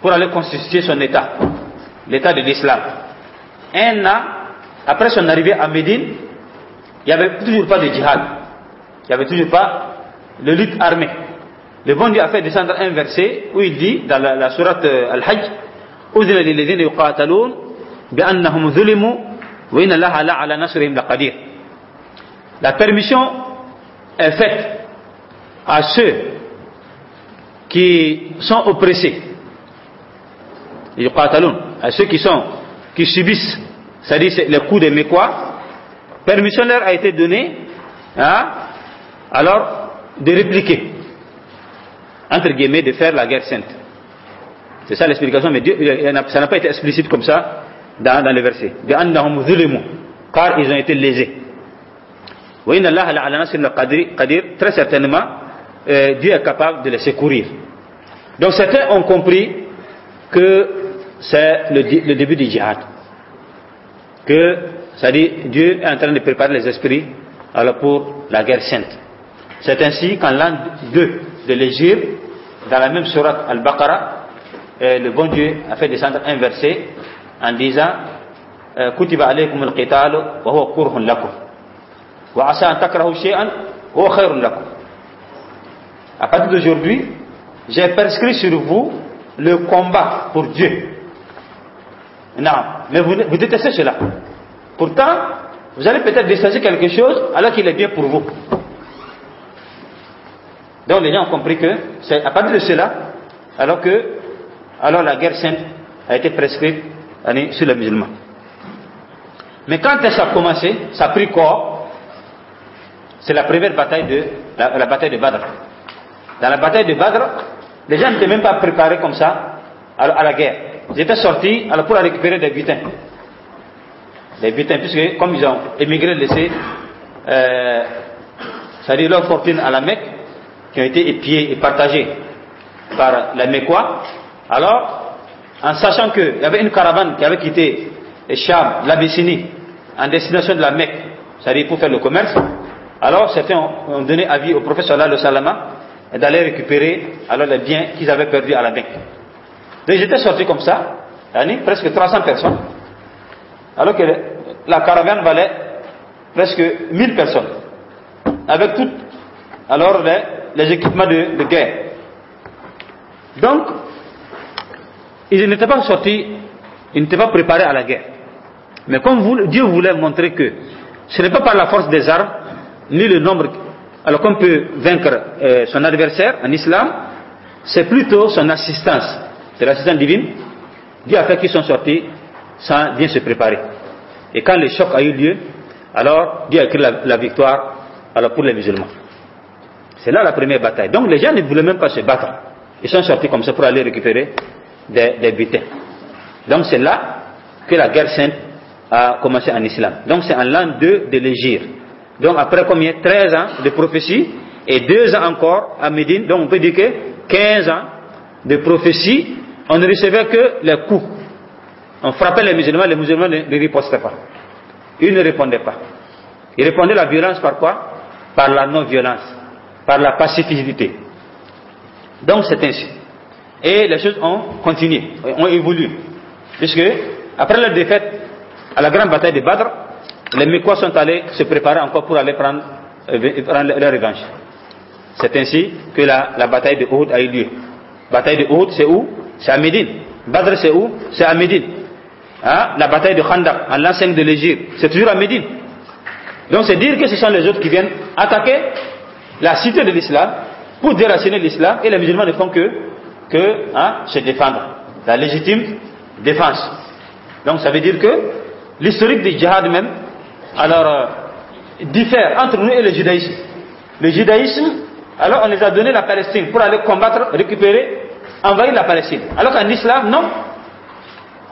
pour aller constituer son État, l'État de l'islam. Un an après son arrivée à Médine, il n'y avait toujours pas de djihad. Il n'y avait toujours pas de lutte armée. Le bon Dieu a fait descendre un verset où il dit, dans la, la sourate euh, Al-Hajj, la permission est faite à ceux qui sont oppressés. à ceux qui sont qui subissent, c'est-à-dire les coups des Mécois, permission leur a été donnée, hein, alors de répliquer, entre guillemets, de faire la guerre sainte. C'est ça l'explication, mais ça n'a pas été explicite comme ça dans, dans le verset. Car ils ont été lésés. Très certainement, euh, Dieu est capable de les secourir. Donc certains ont compris que c'est le, début du djihad. Que, ça dit, Dieu est en train de préparer les esprits pour la guerre sainte. C'est ainsi qu'en l'an 2 de l'Égypte, dans la même sourate Al-Baqarah, euh, le bon Dieu a fait descendre un verset en disant euh, wa huwa lakum À partir d'aujourd'hui, j'ai prescrit sur vous le combat pour Dieu. Non, mais vous, vous détestez cela. Pourtant, vous allez peut-être détester quelque chose alors qu'il est bien pour vous. Donc les gens ont compris que c'est à partir de cela, alors que alors la guerre sainte a été prescrite sur les musulmans. Mais quand ça a commencé, ça a pris corps, c'est la première bataille de la, bataille de Badr. Dans la bataille de Badr, les gens n'étaient même pas préparés comme ça à, la guerre. Ils étaient sortis alors pour récupérer des butins. Des butins, puisque comme ils ont émigré, laissé, euh, cest à leur fortune à la Mecque, qui ont été épiées et partagées par la Mecquois, alors, en sachant qu'il y avait une caravane qui avait quitté Cham, l'Abyssinie, en destination de la Mecque, c'est-à-dire pour faire le commerce, alors certains ont donné avis au professeur Allah Salama d'aller récupérer alors les biens qu'ils avaient perdus à la Mecque. Donc j'étais sorti comme ça, presque 300 personnes, alors que la caravane valait presque 1000 personnes, avec toutes alors les, équipements de, de guerre. Donc, ils n'étaient pas sortis, ils n'étaient pas préparés à la guerre. Mais comme Dieu voulait montrer que ce n'est pas par la force des armes, ni le nombre, alors qu'on peut vaincre euh, son adversaire en islam, c'est plutôt son assistance, c'est l'assistance divine. Dieu a fait qu'ils sont sortis sans bien se préparer. Et quand le choc a eu lieu, alors Dieu a écrit la, victoire alors pour les musulmans. C'est là la première bataille. Donc les gens ne voulaient même pas se battre. Ils sont sortis comme ça pour aller récupérer des, butins. Donc c'est là que la guerre sainte a commencé en islam. Donc c'est en l'an 2 de l'Égypte. Donc après combien 13 ans de prophétie et 2 ans encore à Médine. Donc on peut dire que 15 ans de prophétie, on ne recevait que les coups. On frappait les musulmans, les musulmans ne, ripostaient pas. Ils ne répondaient pas. Ils répondaient la violence par quoi Par la non-violence, par la pacificité. Donc c'est ainsi et les choses ont continué, ont évolué. Puisque, après la défaite à la grande bataille de Badr, les Mekwa sont allés se préparer encore pour aller euh, prendre, leur revanche. C'est ainsi que la, la, bataille de Uhud a eu lieu. Bataille de Uhud, c'est où C'est à Médine. Badr, c'est où C'est à Médine. Ah, la bataille de Khandaq, à l'enseigne de l'Égypte, c'est toujours à Médine. Donc c'est dire que ce sont les autres qui viennent attaquer la cité de l'islam pour déraciner l'islam et les musulmans ne font que que hein, se défendre, la légitime défense. Donc ça veut dire que l'historique du djihad même, alors, euh, diffère entre nous et le judaïsme. Le judaïsme, alors on les a donné la Palestine pour aller combattre, récupérer, envahir la Palestine. Alors qu'en islam, non.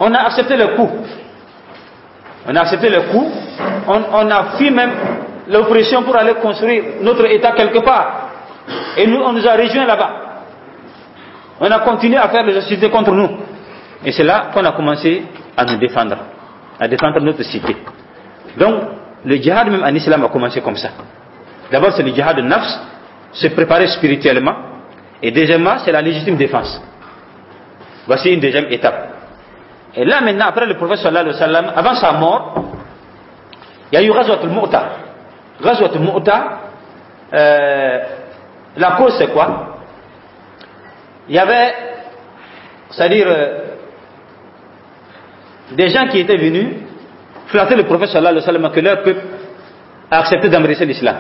On a accepté le coup. On a accepté le coup. On, a fui même l'oppression pour aller construire notre État quelque part. Et nous, on nous a rejoints là-bas on a continué à faire les hostilités contre nous. Et c'est là qu'on a commencé à nous défendre, à défendre notre cité. Donc, le djihad même en islam a commencé comme ça. D'abord, c'est le djihad de nafs, se préparer spirituellement. Et deuxièmement, c'est la légitime défense. Voici une deuxième étape. Et là maintenant, après le prophète sallallahu alayhi avant sa mort, il y a eu Ghazwat al-Mu'ta. Ghazwat euh, la cause c'est quoi il y avait, c'est-à-dire, euh, des gens qui étaient venus flatter le prophète sallallahu alayhi wa sallam que leur peuple a accepté d'embrasser l'islam.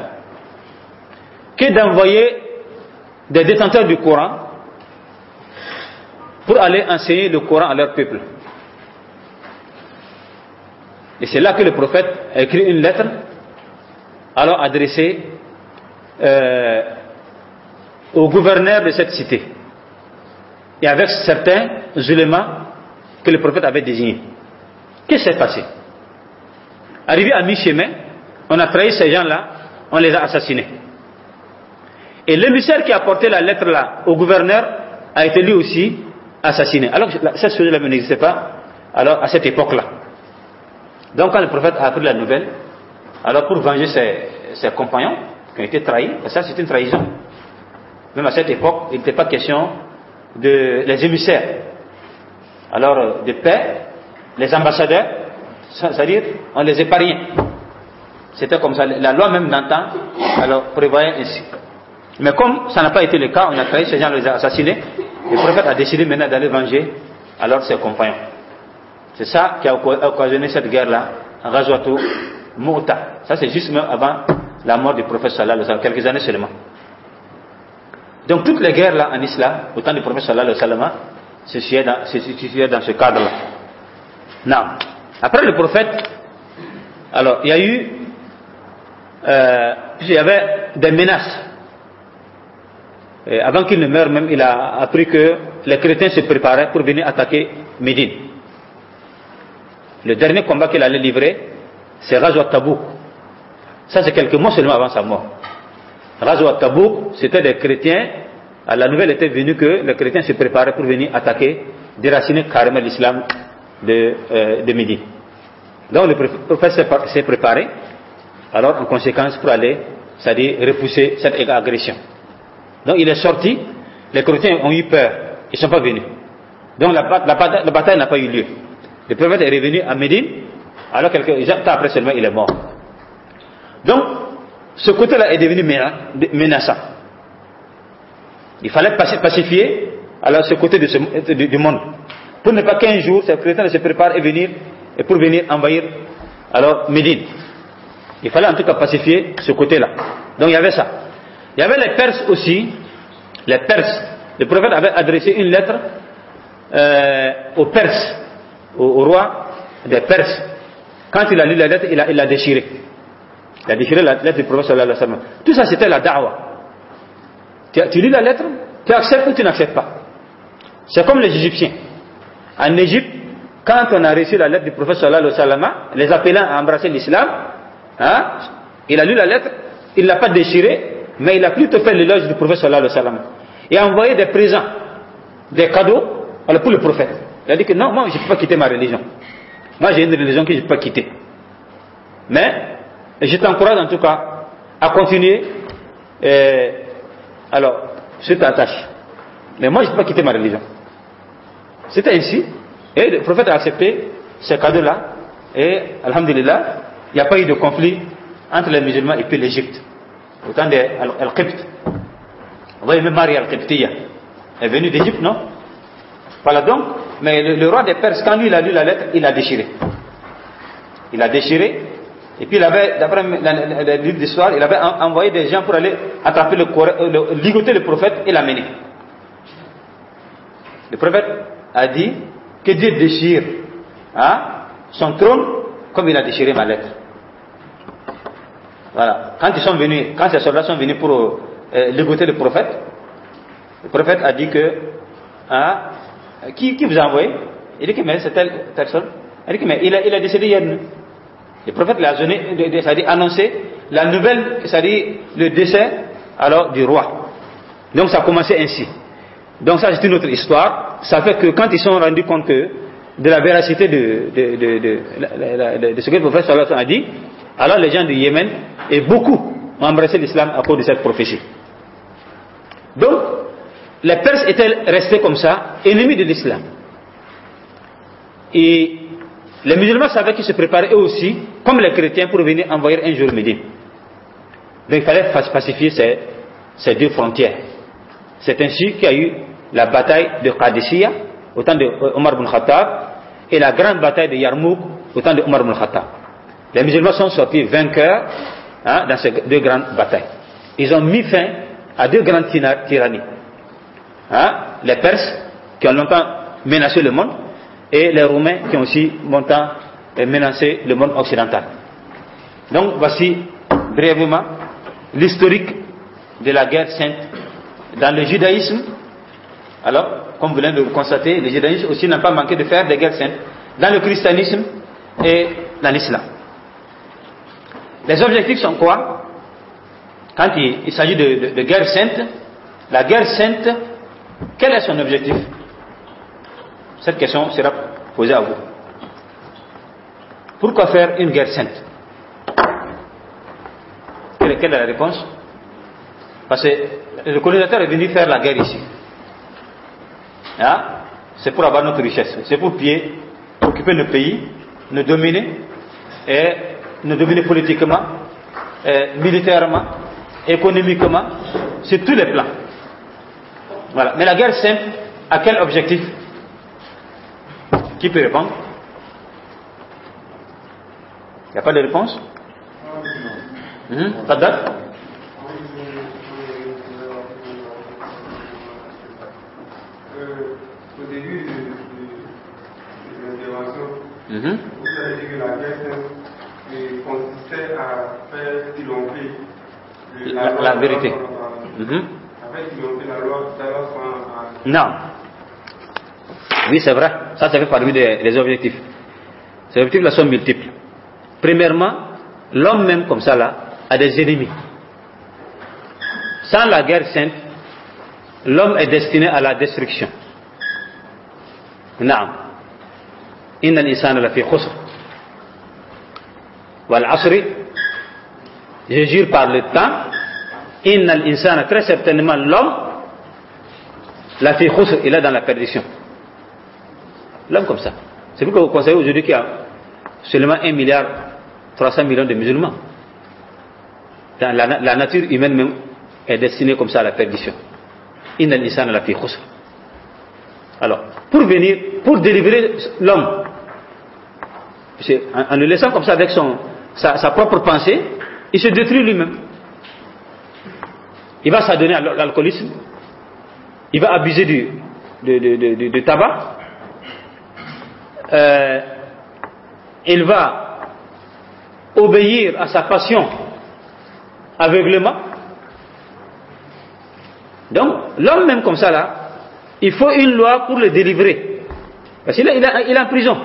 Que d'envoyer des détenteurs du Coran pour aller enseigner le Coran à leur peuple. Et c'est là que le prophète a écrit une lettre, alors adressée euh, au gouverneur de cette cité et avec certains éléments que le prophète avait désignés. Qu'est-ce qui s'est passé Arrivé à mi-chemin, on a trahi ces gens-là, on les a assassinés. Et l'émissaire qui a porté la lettre-là au gouverneur a été lui aussi assassiné. Alors que cette chose-là n'existait pas alors, à cette époque-là. Donc quand le prophète a appris la nouvelle, alors pour venger ses, ses compagnons qui ont été trahis, ça c'est une trahison. Même à cette époque, il n'était pas question de, les émissaires, alors euh, de paix, les ambassadeurs, c'est-à-dire on les épargnait. C'était comme ça, la loi même d'antan, alors prévoyait ainsi. Mais comme ça n'a pas été le cas, on a créé ces gens, les a assassinés, le prophète a décidé maintenant d'aller venger alors ses compagnons. C'est ça qui a occasionné cette guerre-là, en Ça c'est juste avant la mort du prophète Salah, quelques années seulement. Donc toutes les guerres là en islam, autant temps du prophète sallallahu alayhi wa hein, se situaient dans, ce cadre-là. Non. Après le prophète, alors il y a eu, euh, il y avait des menaces. avant qu'il ne meure même, il a appris que les chrétiens se préparaient pour venir attaquer Médine. Le dernier combat qu'il allait livrer, c'est Rajwa Tabou. Ça, c'est quelques mois seulement avant sa mort. Razwa Tabouk, c'était des chrétiens. la nouvelle était venue que les chrétiens se préparaient pour venir attaquer, déraciner carrément l'islam de, euh, Midi. Donc le prophète s'est préparé, alors en conséquence, pour aller, c'est-à-dire repousser cette agression. Donc il est sorti, les chrétiens ont eu peur, ils ne sont pas venus. Donc la, bataille n'a pas eu lieu. Le prophète est revenu à Médine, alors quelques temps après seulement il est mort. Donc, ce côté-là est devenu menaçant. Il fallait pacifier alors ce côté de ce, du monde. Pour ne pas qu'un jour, ces chrétiens se préparent et venir, et pour venir envahir alors Médine. Il fallait en tout cas pacifier ce côté-là. Donc il y avait ça. Il y avait les Perses aussi. Les Perses. Le prophète avait adressé une lettre euh, aux Perses, au, au, roi des Perses. Quand il a lu la lettre, il l'a déchirée. Il a déchiré la lettre du prophète sallallahu alayhi Tout ça, c'était la dawa. Tu, lis la lettre, tu acceptes ou tu n'acceptes pas. C'est comme les Égyptiens. En Égypte, quand on a reçu la lettre du prophète sallallahu alayhi wa sallam, les appelant à embrasser l'islam, hein, il a lu la lettre, il ne l'a pas déchirée, mais il a plutôt fait l'éloge du prophète sallallahu alayhi wa sallam. Et a envoyé des présents, des cadeaux euh, pour le prophète. Il a dit que non, moi je ne peux pas quitter ma religion. Moi j'ai une religion que je ne peux pas quitter. Mais et je t'encourage en tout cas à continuer alors, c'est ta tâche. Mais moi, je ne peux pas quitter ma religion. C'était ainsi. Et le prophète a accepté ce cadeau-là. Et, alhamdulillah, il n'y a pas eu de conflit entre les musulmans et puis l'Égypte. autant temps dal Vous voyez, même Marie al est venue d'Égypte, non Voilà donc. Mais le, roi des Perses, quand il a lu la lettre, il a déchiré. Il a déchiré et puis, il avait, d'après le livre d'histoire, il avait envoyé des gens pour aller attraper euh, le, ligoter le prophète et l'amener. Le prophète a dit que Dieu déchire hein, son trône comme il a déchiré ma lettre. Voilà. Quand ils sont venus, quand ces soldats sont venus pour euh, euh ligoter le prophète, le prophète a dit que hein, qui, vous a envoyé Il dit que mais c'est telle personne. Il dit que mais il a, il a décédé hier. Le prophète l'a annoncé la nouvelle, c'est-à-dire le décès alors du roi. Donc ça a commencé ainsi. Donc ça c'est une autre histoire. Ça fait que quand ils sont rendus compte de la véracité de, ce que le prophète a dit, alors les gens du Yémen et beaucoup ont embrassé l'islam à cause de cette prophétie. Donc les Perses étaient restés comme ça, ennemis de l'islam. Et les musulmans savaient qu'ils se préparaient eux aussi, comme les chrétiens, pour venir envoyer un jour midi. Donc il fallait pacifier ces, deux frontières. C'est ainsi qu'il y a eu la bataille de Qadisiyah au temps de euh, Omar ibn Khattab et la grande bataille de Yarmouk au temps de Omar ibn Khattab. Les musulmans sont sortis vainqueurs hein, dans ces deux grandes batailles. Ils ont mis fin à deux grandes tyrannies. Hein, les Perses, qui ont longtemps menacé le monde, et les Roumains qui ont aussi longtemps euh, menacé le monde occidental. Donc voici brièvement l'historique de la guerre sainte dans le judaïsme. Alors, comme vous l'avez de le constater, les judaïsme aussi n'ont pas manqué de faire des guerres saintes dans le christianisme et dans l'islam. Les objectifs sont quoi Quand il, s'agit de guerre sainte, la guerre sainte, quel est son objectif cette question sera posée à vous. Pourquoi faire une guerre sainte Quelle est la réponse Parce que le colonisateur est venu faire la guerre ici. Ah, c'est pour avoir notre richesse, c'est pour pied, occuper le pays, nous dominer, et nous dominer politiquement, militairement, économiquement, sur tous les plans. Voilà. Mais la guerre sainte à quel objectif qui peut répondre Il n'y a pas de réponse mmh, Pas de date Au début de l'intervention, vous mhm. avez dit que la question consistait à faire triompher la, la, la, vérité. Mmh. Non. Oui, c'est vrai. Ça, ça fait parmi des, objectifs. Ces objectifs-là sont multiples. Premièrement, l'homme même comme ça là a des ennemis. Sans la guerre sainte, l'homme est destiné à la destruction. Non. la fi khusr. Wal l'asri, je jure par le temps inna الإنسان très certainement l'homme la fi khusr, il est dans la perdition l'homme comme ça. C'est pourquoi vous conseillez aujourd'hui qu'il y a seulement 1 milliard 300 millions de musulmans. la, nature humaine même est destinée comme ça à la perdition. Inna la Alors, pour venir, pour délivrer l'homme, en, le laissant comme ça avec son, sa, propre pensée, il se détruit lui-même. Il va s'adonner à l'alcoolisme, il va abuser du tabac, euh, il va obéir à sa passion aveuglément. Donc, l'homme même comme ça, là, il faut une loi pour le délivrer. Parce qu'il est, en prison.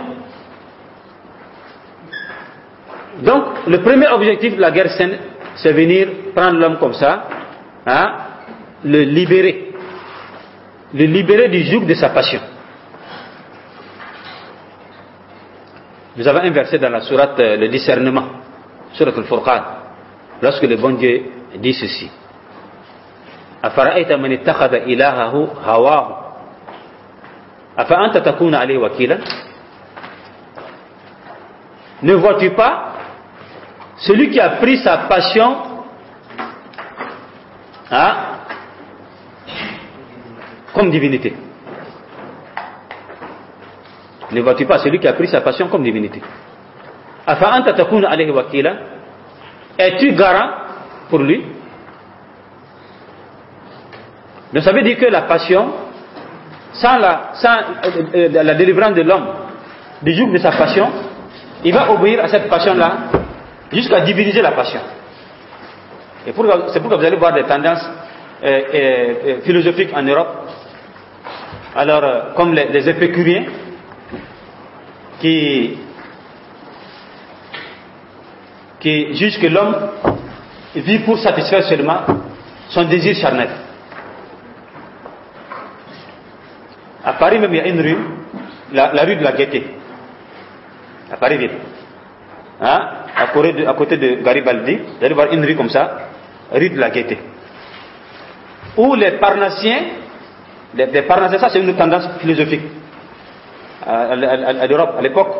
Donc, le premier objectif de la guerre saine, c'est venir prendre l'homme comme ça, hein, le libérer. Le libérer du joug de sa passion. nous avons inversé dans la sourate, euh, le discernement, sourate al-Furqan, lorsque le bon Dieu dit ceci. Ne vois-tu pas celui qui a pris sa passion hein, comme divinité ne vois-tu pas celui qui a pris sa passion comme divinité Es-tu garant pour lui Donc ça veut dire que la passion, sans la, euh, la délivrance de l'homme du jour de sa passion, il va obéir à cette passion-là jusqu'à diviniser la passion. Et c'est pourquoi vous allez voir des tendances euh, euh, philosophiques en Europe. Alors, comme les, les épicuriens, qui, qui juge que l'homme vit pour satisfaire seulement son désir charnel. À Paris même, il y a une rue, la, rue de la Gaîté. À Paris ville. Hein? À, côté de, Garibaldi, vous allez voir une rue comme ça, rue de la Gaieté. Où les parnassiens, les parnassiens, ça c'est une tendance philosophique à l'Europe à l'époque,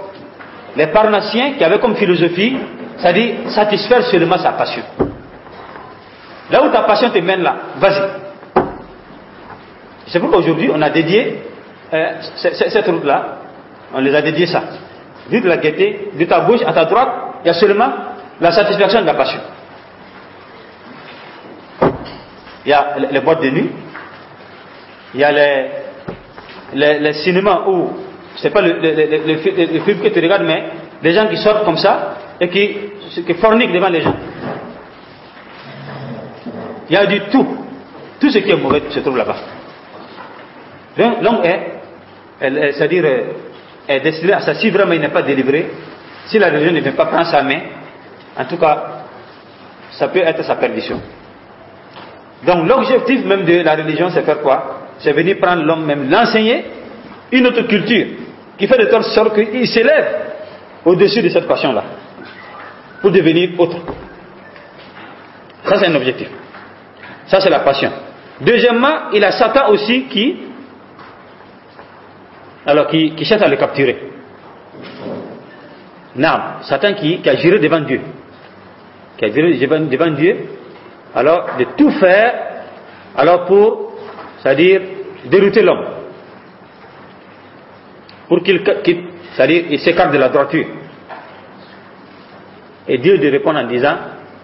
les parnassiens qui avaient comme philosophie, c'est-à-dire satisfaire seulement sa passion. Là où ta passion te mène là, vas-y. C'est pourquoi aujourd'hui on a dédié euh, cette route-là, on les a dédiés ça. Vu de la gaieté, de ta bouche à ta droite, il y a seulement la satisfaction de la passion. Il y a les boîtes de nuit, il y a les, les, les cinémas où ce n'est pas le, film que tu regardes, mais les gens qui sortent comme ça et qui, forniquent devant les gens. Il y a du tout. Tout ce qui est mauvais se trouve là-bas. L'homme est, c'est-à-dire, euh, est destiné à ça. mais il n'est pas délivré, si la religion ne vient pas prendre sa main, en tout cas, ça peut être sa perdition. Donc l'objectif même de la religion, c'est faire quoi C'est venir prendre l'homme même, l'enseigner une autre culture qui fait de telle sorte qu'il s'élève au-dessus de cette passion-là pour devenir autre. Ça, c'est un objectif. Ça, c'est la passion. Deuxièmement, il a Satan aussi qui, alors qui, cherche à le capturer. Non, Satan qui, a juré devant Dieu. Qui a juré devant, devant Dieu. Alors, de tout faire, alors pour, c'est-à-dire, dérouter l'homme pour qu'il quitte, c'est-à-dire il s'écarte de la droiture. Et Dieu lui répond en disant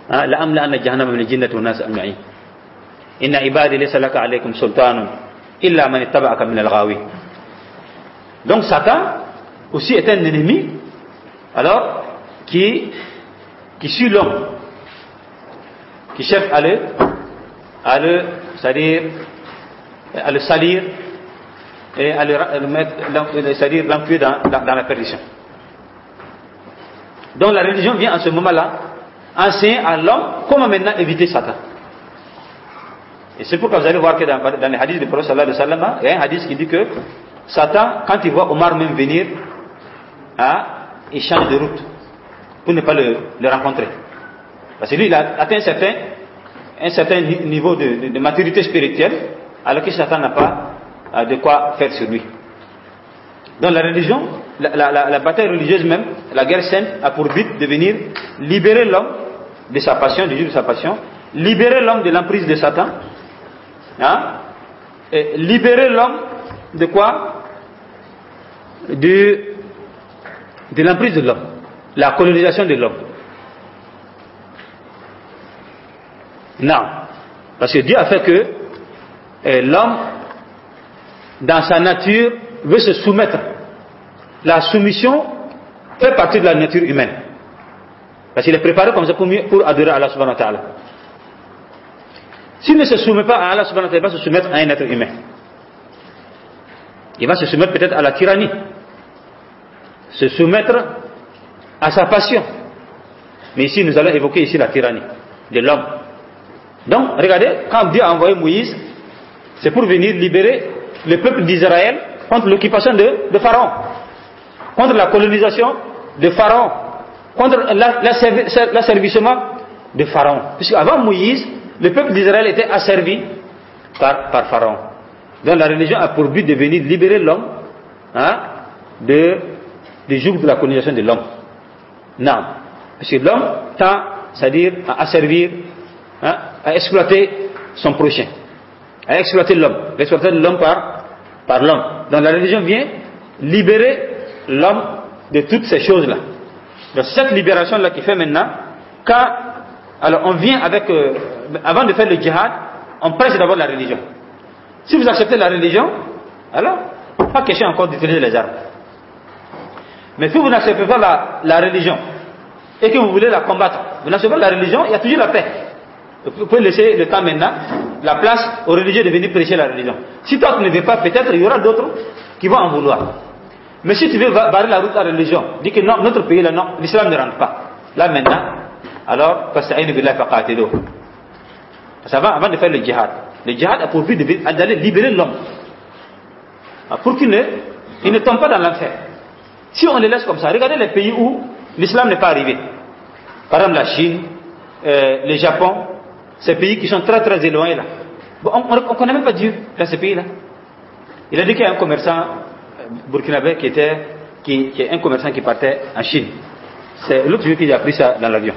hein, La amla anna jahannam min jinnati wa nas ajma'in. Inna ibadi laysa alaykum sultanun illa man ittaba'aka min al-ghawi. Donc Satan aussi est un ennemi alors qui qui suit l'homme qui cherche à à le cest à le salir et à le mettre, euh, c'est-à-dire l'enfuir dans, la perdition. Donc la religion vient en ce moment-là enseigner à l'homme comment maintenant éviter Satan. Et c'est pourquoi vous allez voir que dans, les hadiths du Prophète sallallahu alayhi wa sallam, il y a un hadith qui dit que Satan, quand il voit Omar même venir, hein, il change de route pour ne pas le, rencontrer. Parce que lui, il a atteint un certain, un certain niveau de, de maturité spirituelle, alors que Satan n'a pas ah, de quoi faire sur lui. Donc la religion, la, bataille religieuse même, la guerre sainte a pour but de venir libérer l'homme de sa passion, du de sa passion, libérer l'homme de l'emprise de Satan, hein, et libérer l'homme de quoi du, de l'emprise de l'homme, la colonisation de l'homme. Non, parce que Dieu a fait que eh, l'homme dans sa nature, veut se soumettre. La soumission fait partie de la nature humaine. Parce qu'il est préparé comme ça pour, pour adorer Allah subhanahu wa ta'ala. S'il ne se soumet pas à Allah subhanahu wa ta'ala, il va se soumettre à un être humain. Il va se soumettre peut-être à la tyrannie. Se soumettre à sa passion. Mais ici, nous allons évoquer ici la tyrannie de l'homme. Donc, regardez, quand Dieu a envoyé Moïse, c'est pour venir libérer le peuple d'Israël contre l'occupation de, Pharaon, contre la colonisation de Pharaon, contre l'asservissement de Pharaon. Puisque avant Moïse, le peuple d'Israël était asservi par, Pharaon. Donc la religion a pour but de venir libérer l'homme hein, de, de la colonisation de l'homme. Non. Parce que l'homme tend, c'est-à-dire asservir, hein, à exploiter son prochain à exploiter l'homme, exploiter l'homme par, par l'homme. Donc la religion vient libérer l'homme de toutes ces choses-là. Donc cette libération-là qui fait maintenant, car alors on vient avec, euh, avant de faire le djihad, on prêche d'abord la religion. Si vous acceptez la religion, alors pas question encore d'utiliser les armes. Mais si vous n'acceptez pas la, la religion et que vous voulez la combattre, vous n'acceptez pas la religion, il y a toujours la paix. Vous pouvez laisser le temps maintenant la place aux religieux de venir prêcher la religion. Si toi tu ne veux pas, peut-être il y aura d'autres qui vont en vouloir. Mais si tu veux barrer la route à la religion, dis que non, notre pays, là, non, l'islam ne rentre pas. Là maintenant, alors, ça va avant de faire le djihad. Le djihad a pour but d'aller libérer l'homme. Ah, pour qu'il ne, il ne tombe pas dans l'enfer. Si on les laisse comme ça, regardez les pays où l'islam n'est pas arrivé. Par exemple, la Chine, euh, le Japon, ces pays qui sont très très éloignés là. on ne connaît même pas Dieu dans ces pays-là. Il a dit qu'il y a un commerçant euh, burkinabé qui était qui, est un commerçant qui partait en Chine. C'est l'autre jour qui a pris ça dans l'avion.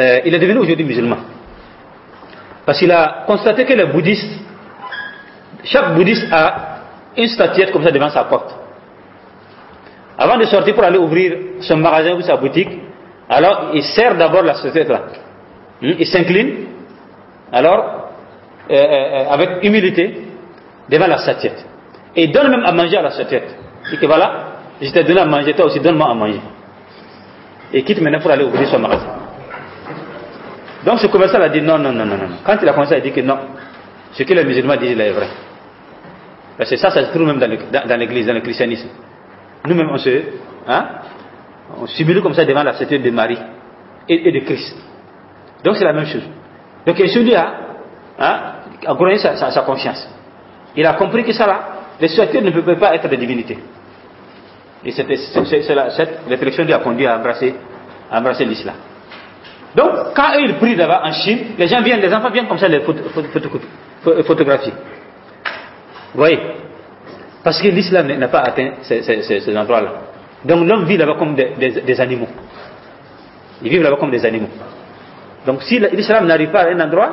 Euh, il est devenu aujourd'hui musulman. Parce qu'il a constaté que les bouddhistes, chaque bouddhiste a une statuette comme ça devant sa porte. Avant de sortir pour aller ouvrir son magasin ou sa boutique, alors il sert d'abord la statuette là. Hmm? il s'incline, alors, euh, euh, euh, avec humilité, devant la satiette. Et il donne même à manger à la satiette. Il dit que voilà, je t'ai donné à manger, toi aussi donne-moi à manger. Et quitte maintenant pour aller ouvrir son magasin. Donc ce commerçant a dit non, non, non, non, non. Quand il a commencé, il a dit que non. Ce que les musulmans disent là est vrai. Parce que ça, ça se trouve même dans l'église, dans, le christianisme. Nous-mêmes, on se, hein, on s'humilie comme ça devant la satiette de Marie et de Christ. Donc c'est la même chose. Donc celui-là a gagné hein, sa, confiance. Il a compris que ça les sociétés ne peuvent pas être des divinités. Et cette réflexion lui a conduit à embrasser, l'islam. Donc quand il prie là-bas en Chine, les gens viennent, les enfants viennent comme ça les photographier. Vous voyez Parce que l'islam n'a pas atteint ces, endroits-là. Donc l'homme vit là-bas comme des, des animaux. Ils vivent là-bas comme des animaux. Donc si l'islam n'arrive pas à un endroit,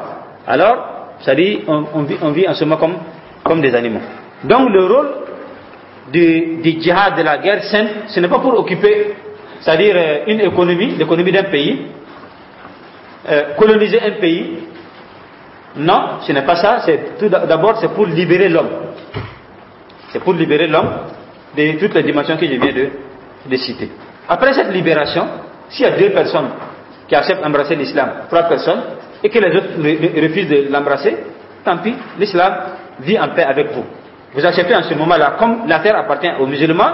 alors, ça dit, on, on, vit, en ce moment comme, comme des animaux. Donc le rôle du, djihad, de la guerre sainte, ce n'est pas pour occuper, c'est-à-dire euh, une économie, l'économie d'un pays, euh, coloniser un pays. Non, ce n'est pas ça. d'abord, c'est pour libérer l'homme. C'est pour libérer l'homme de toutes les dimensions que je viens de, de citer. Après cette libération, s'il y a deux personnes qui acceptent d'embrasser l'islam, trois personnes, et que les autres refusent de l'embrasser, tant pis, l'islam vit en paix avec vous. Vous acceptez en ce moment-là, comme la terre appartient aux musulmans,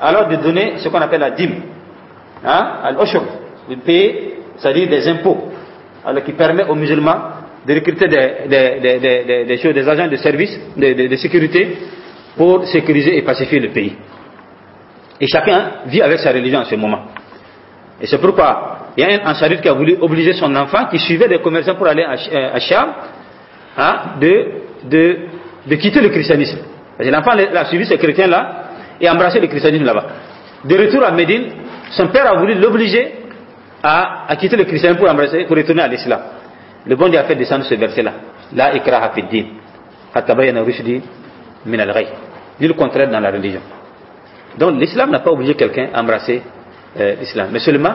alors de donner ce qu'on appelle la dîme, hein, al de payer, c'est-à-dire des impôts, alors qui permet aux musulmans de recruter des, des, agents de service, de, de sécurité, pour sécuriser et pacifier le pays. Et chacun vit avec sa religion en ce moment. Et c'est pourquoi il y a un Ansarite qui a voulu obliger son enfant, qui suivait des commerçants pour aller à, euh, Cham, hein, de, de, de, quitter le christianisme. l'enfant a suivi ce chrétien là et embrassé le christianisme là-bas. De retour à Médine, son père a voulu l'obliger à, quitter le christianisme pour, embrasser, pour retourner à l'islam. Le bon Dieu a fait descendre ce verset-là. La ikraha a din. Hatabayana rushdi min al le contraire dans la religion. Donc l'islam n'a pas obligé quelqu'un à embrasser euh, l'islam. Mais seulement,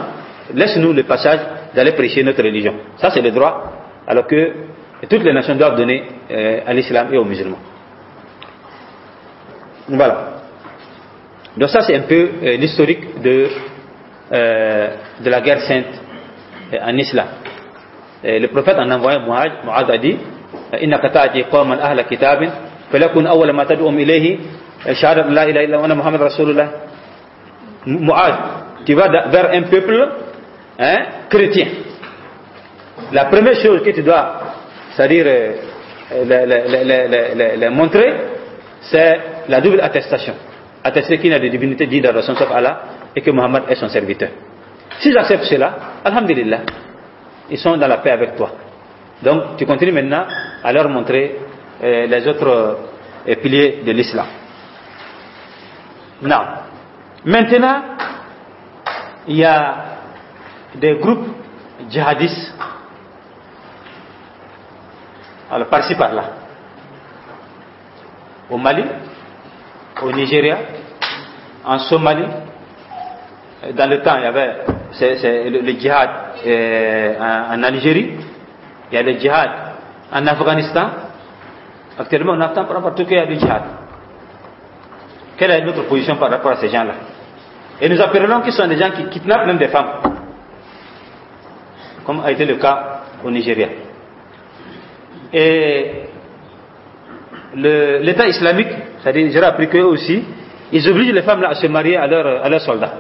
laisse-nous le passage d'aller prêcher notre religion. Ça, c'est le droit, alors que toutes les nations doivent donner euh, à l'islam et aux musulmans. Voilà. Donc ça, c'est un peu euh, l'historique de, euh, de la guerre sainte en islam. le prophète en envoyé Mu'ad, Mu'ad a dit, tu vas vers un peuple Hein? chrétien, la première chose que tu dois, c'est-à-dire euh, les montrer, c'est la double attestation. Attester qu'il y a des divinités dites Allah et que Muhammad est son serviteur. Si j'accepte cela, Alhamdulillah, ils sont dans la paix avec toi. Donc tu continues maintenant à leur montrer euh, les autres euh, piliers de l'islam. Maintenant, il y a des groupes djihadistes, alors par-ci par-là, au Mali, au Nigeria, en Somalie. Dans le temps, il y avait le, djihad euh, en, Algérie, il y a le djihad en Afghanistan. Actuellement, on tout partout qu'il y a du djihad. Quelle est notre position par rapport à ces gens-là Et nous appelons qu'ils sont des gens qui kidnappent même des femmes comme a été le cas au Nigeria. Et l'État islamique, c'est-à-dire j'ai appris qu'eux aussi, ils obligent les femmes à se marier à, à leurs soldats.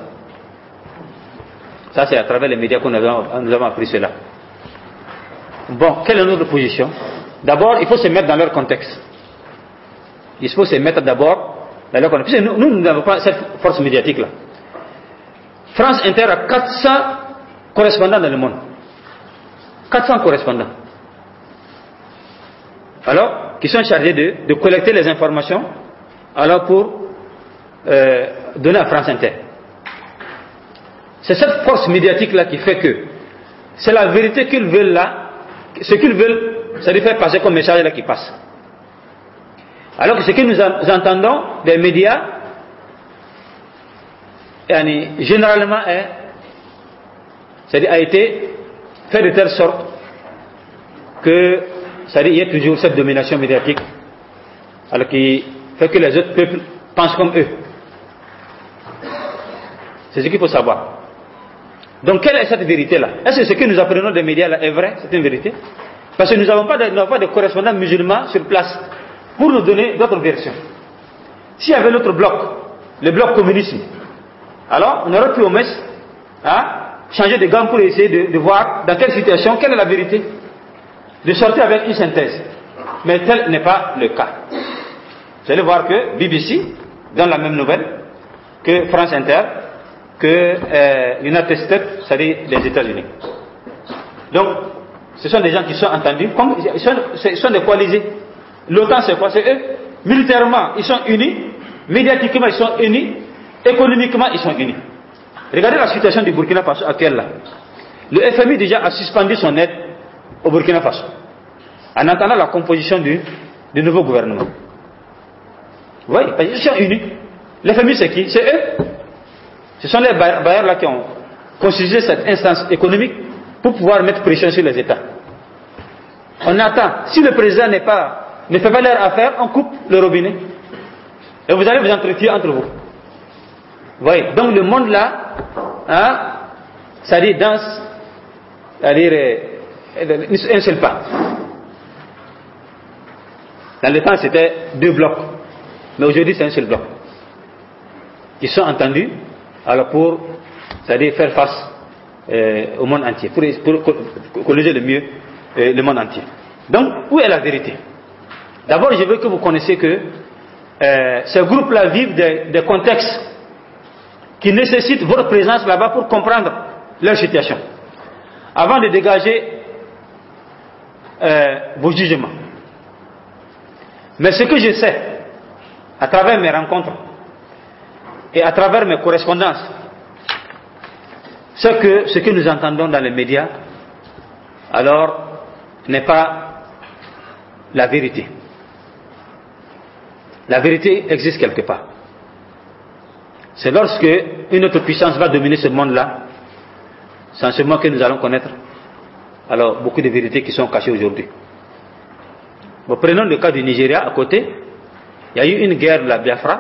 Ça, c'est à travers les médias qu'on nous avons appris cela. Bon, quelle est notre position D'abord, il faut se mettre dans leur contexte. Il faut se mettre d'abord dans leur contexte. nous, nous n'avons pas cette force médiatique-là. France Inter a 400 correspondants dans le monde. 400 correspondants. Alors, qui sont chargés de, collecter les informations, alors pour euh, donner à France Inter. C'est cette force médiatique-là qui fait que c'est la vérité qu'ils veulent là, ce qu'ils veulent, ça de faire passer comme message-là qui passe. Alors que ce que nous entendons des médias, généralement, hein, cest a été fait de telle sorte que, ça dit, il y a toujours cette domination médiatique, alors qui fait que les autres peuples pensent comme eux. C'est ce qu'il faut savoir. Donc, quelle est cette vérité-là Est-ce que ce que nous apprenons des médias là est vrai C'est une vérité Parce que nous n'avons pas, pas, de correspondants musulmans sur place pour nous donner d'autres versions. S'il y avait l'autre bloc, le bloc communiste, alors on aurait pu au hein, changer de gants pour essayer de, voir dans quelle situation, quelle est la vérité, de sortir avec une synthèse. Mais tel n'est pas le cas. Vous allez voir que BBC dans la même nouvelle que France Inter, que euh, United States, c'est-à-dire les États-Unis. Donc, ce sont des gens qui sont entendus, comme, sont, ils sont des coalisés. L'OTAN, c'est quoi C'est eux. Militairement, ils sont unis. Médiatiquement, ils sont unis. Économiquement, ils sont unis. Regardez la situation du Burkina Faso actuelle là. Le FMI déjà a suspendu son aide au Burkina Faso en attendant la composition du, nouveau gouvernement. Vous voyez, ils sont unis. Le FMI c'est qui C'est eux. Ce sont les bailleurs là qui ont constitué cette instance économique pour pouvoir mettre pression sur les États. On attend. Si le président n'est pas, ne fait pas leur affaire, on coupe le robinet. Et vous allez vous entretenir entre vous donc le monde là, hein, ça dit danse, c'est-à-dire euh, un seul pas. Dans le temps, c'était deux blocs. Mais aujourd'hui, c'est un seul bloc. Ils sont entendus, alors pour, faire face euh, au monde entier, pour, pour le mieux euh, le monde entier. Donc, où est la vérité D'abord, je veux que vous connaissiez que ce groupe-là vivent des, des contextes qui nécessitent votre présence là-bas pour comprendre leur situation, avant de dégager euh, vos jugements. Mais ce que je sais, à travers mes rencontres et à travers mes correspondances, c'est que ce que nous entendons dans les médias, alors, n'est pas la vérité. La vérité existe quelque part. C'est lorsque une autre puissance va dominer ce monde-là, c'est ce moment que nous allons connaître alors beaucoup de vérités qui sont cachées aujourd'hui. prenons le cas du Nigeria à côté. Il y a eu une guerre de la Biafra,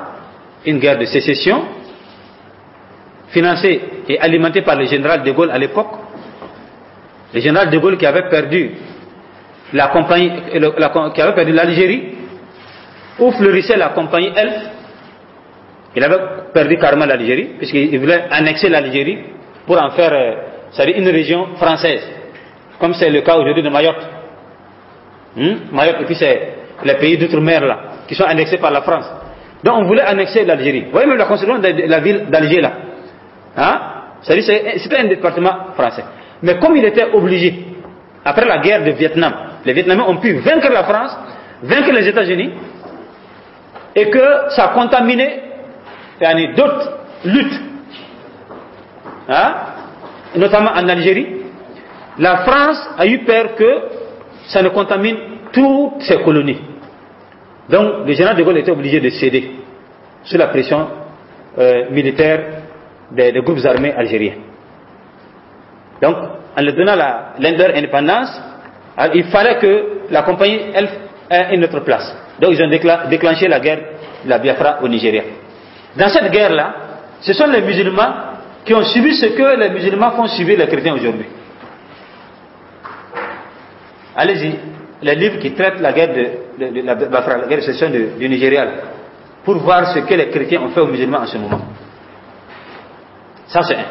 une guerre de sécession, financée et alimentée par le général de Gaulle à l'époque. Le général de Gaulle qui avait perdu la compagnie, euh, qui avait perdu l'Algérie, où fleurissait la compagnie Elf, il avait perdu carrément l'Algérie, puisqu'il voulait annexer l'Algérie pour en faire euh, dire, une région française, comme c'est le cas aujourd'hui de Mayotte. Hmm? Mayotte, et puis c'est les pays d'outre-mer là, qui sont annexés par la France. Donc on voulait annexer l'Algérie. Vous voyez même la construction de la ville d'Alger là. Hein? C'était un département français. Mais comme il était obligé, après la guerre de Vietnam, les Vietnamiens ont pu vaincre la France, vaincre les États-Unis, et que ça a contaminé yani d'autres luttes, hein, notamment en Algérie, la France a eu peur que ça ne contamine toutes ses colonies. Donc le général de Gaulle était obligé de céder sous la pression euh, militaire des, groupes armés algériens. Donc, en leur donnant la, leur indépendance, ah, il fallait que la compagnie elle, ait une autre place. Donc, ils ont déclenché la guerre de la Biafra au Nigeria. Dans cette guerre-là, ce sont les musulmans qui ont subi ce que les musulmans font subir les chrétiens aujourd'hui. Allez-y, les livres qui traitent la guerre de, la, guerre de sécession du Nigeria, pour voir ce que les chrétiens ont fait aux musulmans en ce moment. Ça, c'est un.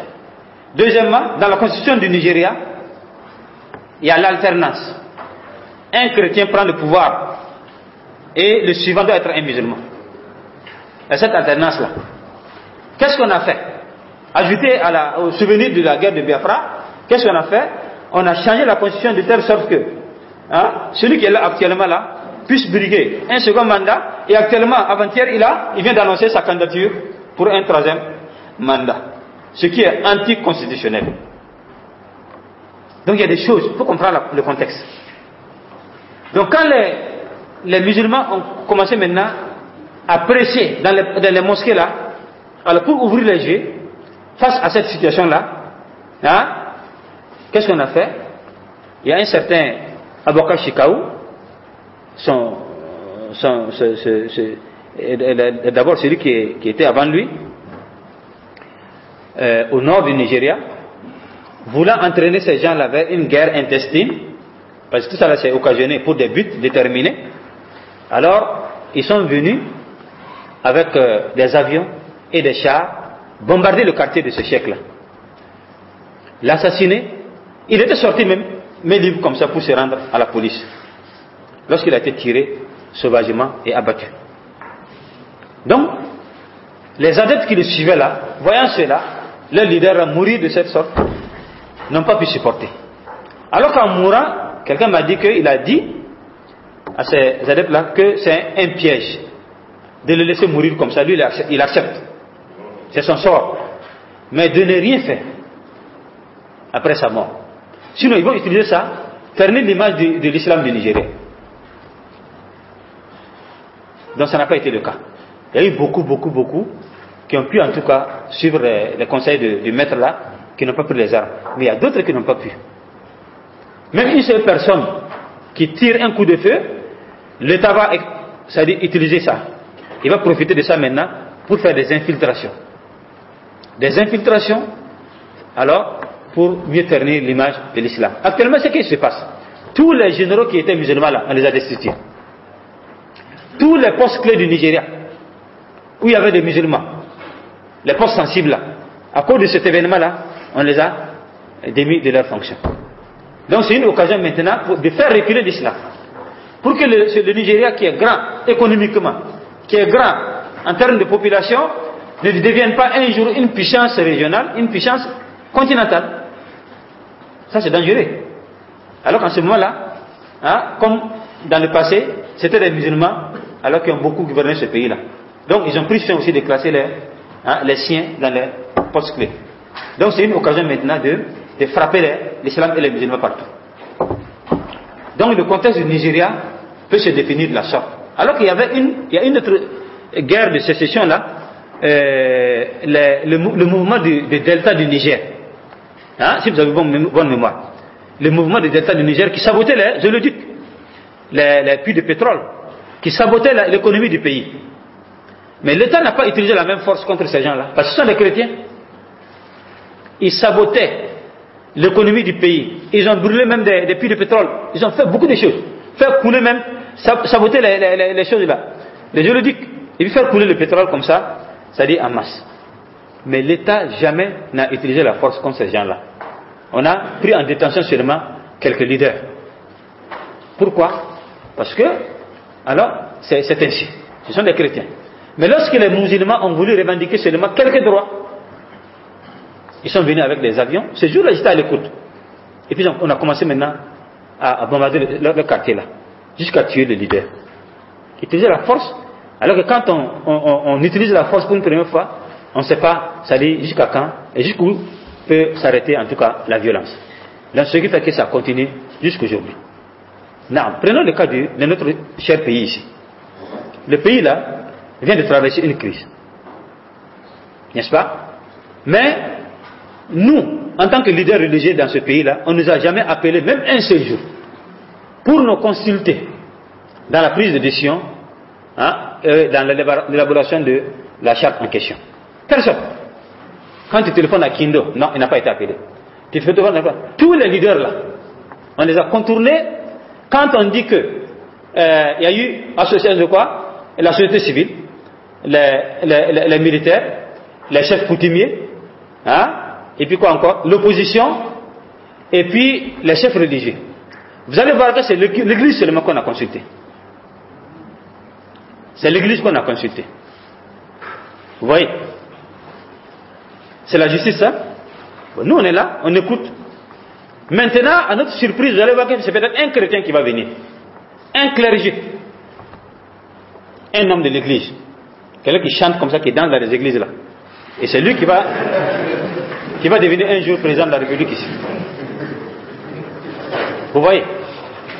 Deuxièmement, dans la constitution du Nigeria, il y a l'alternance. Un chrétien prend le pouvoir et le suivant doit être un musulman à cette alternance-là. Qu'est-ce qu'on a fait Ajouté au souvenir de la guerre de Biafra, qu'est-ce qu'on a fait On a changé la constitution de telle sauf que hein, celui qui est là actuellement là puisse briguer un second mandat et actuellement, avant-hier, il, a, il vient d'annoncer sa candidature pour un troisième mandat. Ce qui est anticonstitutionnel. Donc il y a des choses, il faut comprendre le contexte. Donc quand les musulmans ont commencé maintenant à dans les, mosquées là, alors pour ouvrir les yeux, face à cette situation là, hein, qu'est-ce qu'on a fait Il y a un certain avocat Chicago son, euh, d'abord celui qui, qui, était avant lui, euh, au nord du Nigeria, voulant entraîner ces gens-là vers une guerre intestine, parce que tout ça s'est occasionné pour des buts déterminés, alors ils sont venus avec euh, des avions et des chars, bombarder le quartier de ce chèque-là. L'assassiner, il était sorti même, mais libre comme ça pour se rendre à la police. Lorsqu'il a été tiré sauvagement et abattu. Donc, les adeptes qui le suivaient là, voyant cela, leur leader a mouru de cette sorte, n'ont pas pu supporter. Alors qu'en mourant, quelqu'un m'a dit qu'il a dit à ces adeptes-là que c'est un piège de le laisser mourir comme ça, lui il accepte. C'est son sort. Mais de ne rien faire après sa mort. Sinon, ils vont utiliser ça, fermer l'image de, l'islam du Nigeria. Donc ça n'a pas été le cas. Il y a eu beaucoup, beaucoup, beaucoup qui ont pu en tout cas suivre les conseils du maître là, qui n'ont pas pris les armes. Mais il y a d'autres qui n'ont pas pu. Même une seule personne qui tire un coup de feu, l'État va ça utiliser ça il va profiter de ça maintenant pour faire des infiltrations. Des infiltrations, alors, pour mieux ternir l'image de l'islam. Actuellement, ce qui se passe. Tous les généraux qui étaient musulmans là, on les a destitués. Tous les postes clés du Nigeria, où il y avait des musulmans, les postes sensibles là, à cause de cet événement là, on les a démis de leur fonction. Donc c'est une occasion maintenant de faire reculer l'islam. Pour que le Nigeria qui est grand économiquement, qui est grand en termes de population, ne deviennent pas un jour une puissance régionale, une puissance continentale. Ça, c'est dangereux. Alors qu'en ce moment-là, hein, comme dans le passé, c'était les musulmans, alors qu'ils ont beaucoup gouverné ce pays-là. Donc, ils ont pris soin aussi de classer les, hein, les siens dans les postes clés. Donc, c'est une occasion maintenant de, de frapper l'islam et les musulmans partout. Donc, le contexte du Nigeria peut se définir de la sorte. Alors qu'il y avait une, il y une autre guerre de sécession là, euh, le, mouvement du, delta du Niger. Hein, si vous avez bonne, bonne mémoire. Le mouvement du delta du Niger qui sabotait les le les, les puits de pétrole, qui sabotait l'économie du pays. Mais l'État n'a pas utilisé la même force contre ces gens-là, parce que ce sont des chrétiens. Ils sabotaient l'économie du pays. Ils ont brûlé même des, puits de pétrole. Ils ont fait beaucoup de choses. Faire couler même saboter les, les, choses là, les juridiques Ils veulent faire couler le pétrole comme ça, cest dit en masse. Mais l'État jamais n'a utilisé la force contre ces gens-là. On a pris en détention seulement quelques leaders. Pourquoi Parce que, alors, c'est ainsi. Ce sont des chrétiens. Mais lorsque les musulmans ont voulu revendiquer seulement quelques droits, ils sont venus avec des avions. Ce jour-là, j'étais à l'écoute. Et puis on a commencé maintenant à, bombarder le quartier là jusqu'à tuer le leader. utiliser la force, alors que quand on, utilise la force pour une première fois, on ne sait pas, ça dit jusqu'à quand et jusqu'où peut s'arrêter en tout cas la violence. Donc ce qui fait que ça continue jusqu'aujourd'hui. Prenons le cas de, de notre cher pays ici. Le pays là vient de traverser une crise. N'est-ce pas Mais nous, en tant que leaders religieux dans ce pays là, on ne nous a jamais appelé même un seul jour pour nous consulter dans la prise de décision hein, euh, dans l'élaboration de la charte en question. Personne. Quand tu téléphones à Kindo, non, il n'a pas été appelé. Tu à Tous les leaders là, on les a contournés quand on dit que euh, il y a eu association de quoi La société civile, les, militaires, les chefs coutumiers, hein, et puis quoi encore L'opposition, et puis les chefs religieux. Vous allez voir que c'est l'église seulement qu'on a consulté. C'est l'église qu'on a consulté. Vous voyez C'est la justice, hein Nous, on est là, on écoute. Maintenant, à notre surprise, vous allez voir que c'est peut-être un chrétien qui va venir. Un clergé. Un homme de l'église. Quelqu'un qui chante comme ça, qui danse dans les églises là. Et c'est lui qui va, qui va devenir un jour président de la République ici. Vous voyez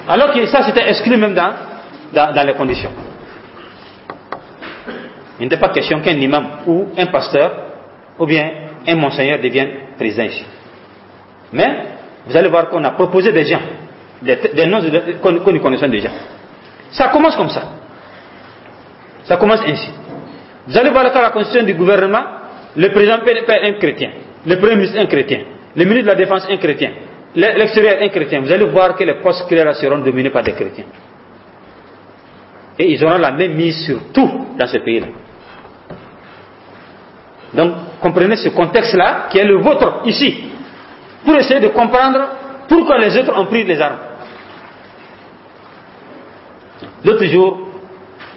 Alors que ça, c'était exclu même dans, dans, les conditions. Il n'était pas question qu'un imam ou un pasteur ou bien un monseigneur devienne président ici. Mais vous allez voir qu'on a proposé des gens, des, noms qu'on nous connaissons déjà. Ça commence comme ça. Ça commence ainsi. Vous allez voir la constitution du gouvernement, le président est un chrétien, le premier ministre un chrétien, le ministre de la Défense un chrétien, l'extérieur est un chrétien, vous allez voir que les postes chrétiens seront dominés par des chrétiens. Et ils auront la même mise sur tout dans ce pays-là. Donc, comprenez ce contexte-là qui est le vôtre ici, pour essayer de comprendre pourquoi les autres ont pris les armes. L'autre jour,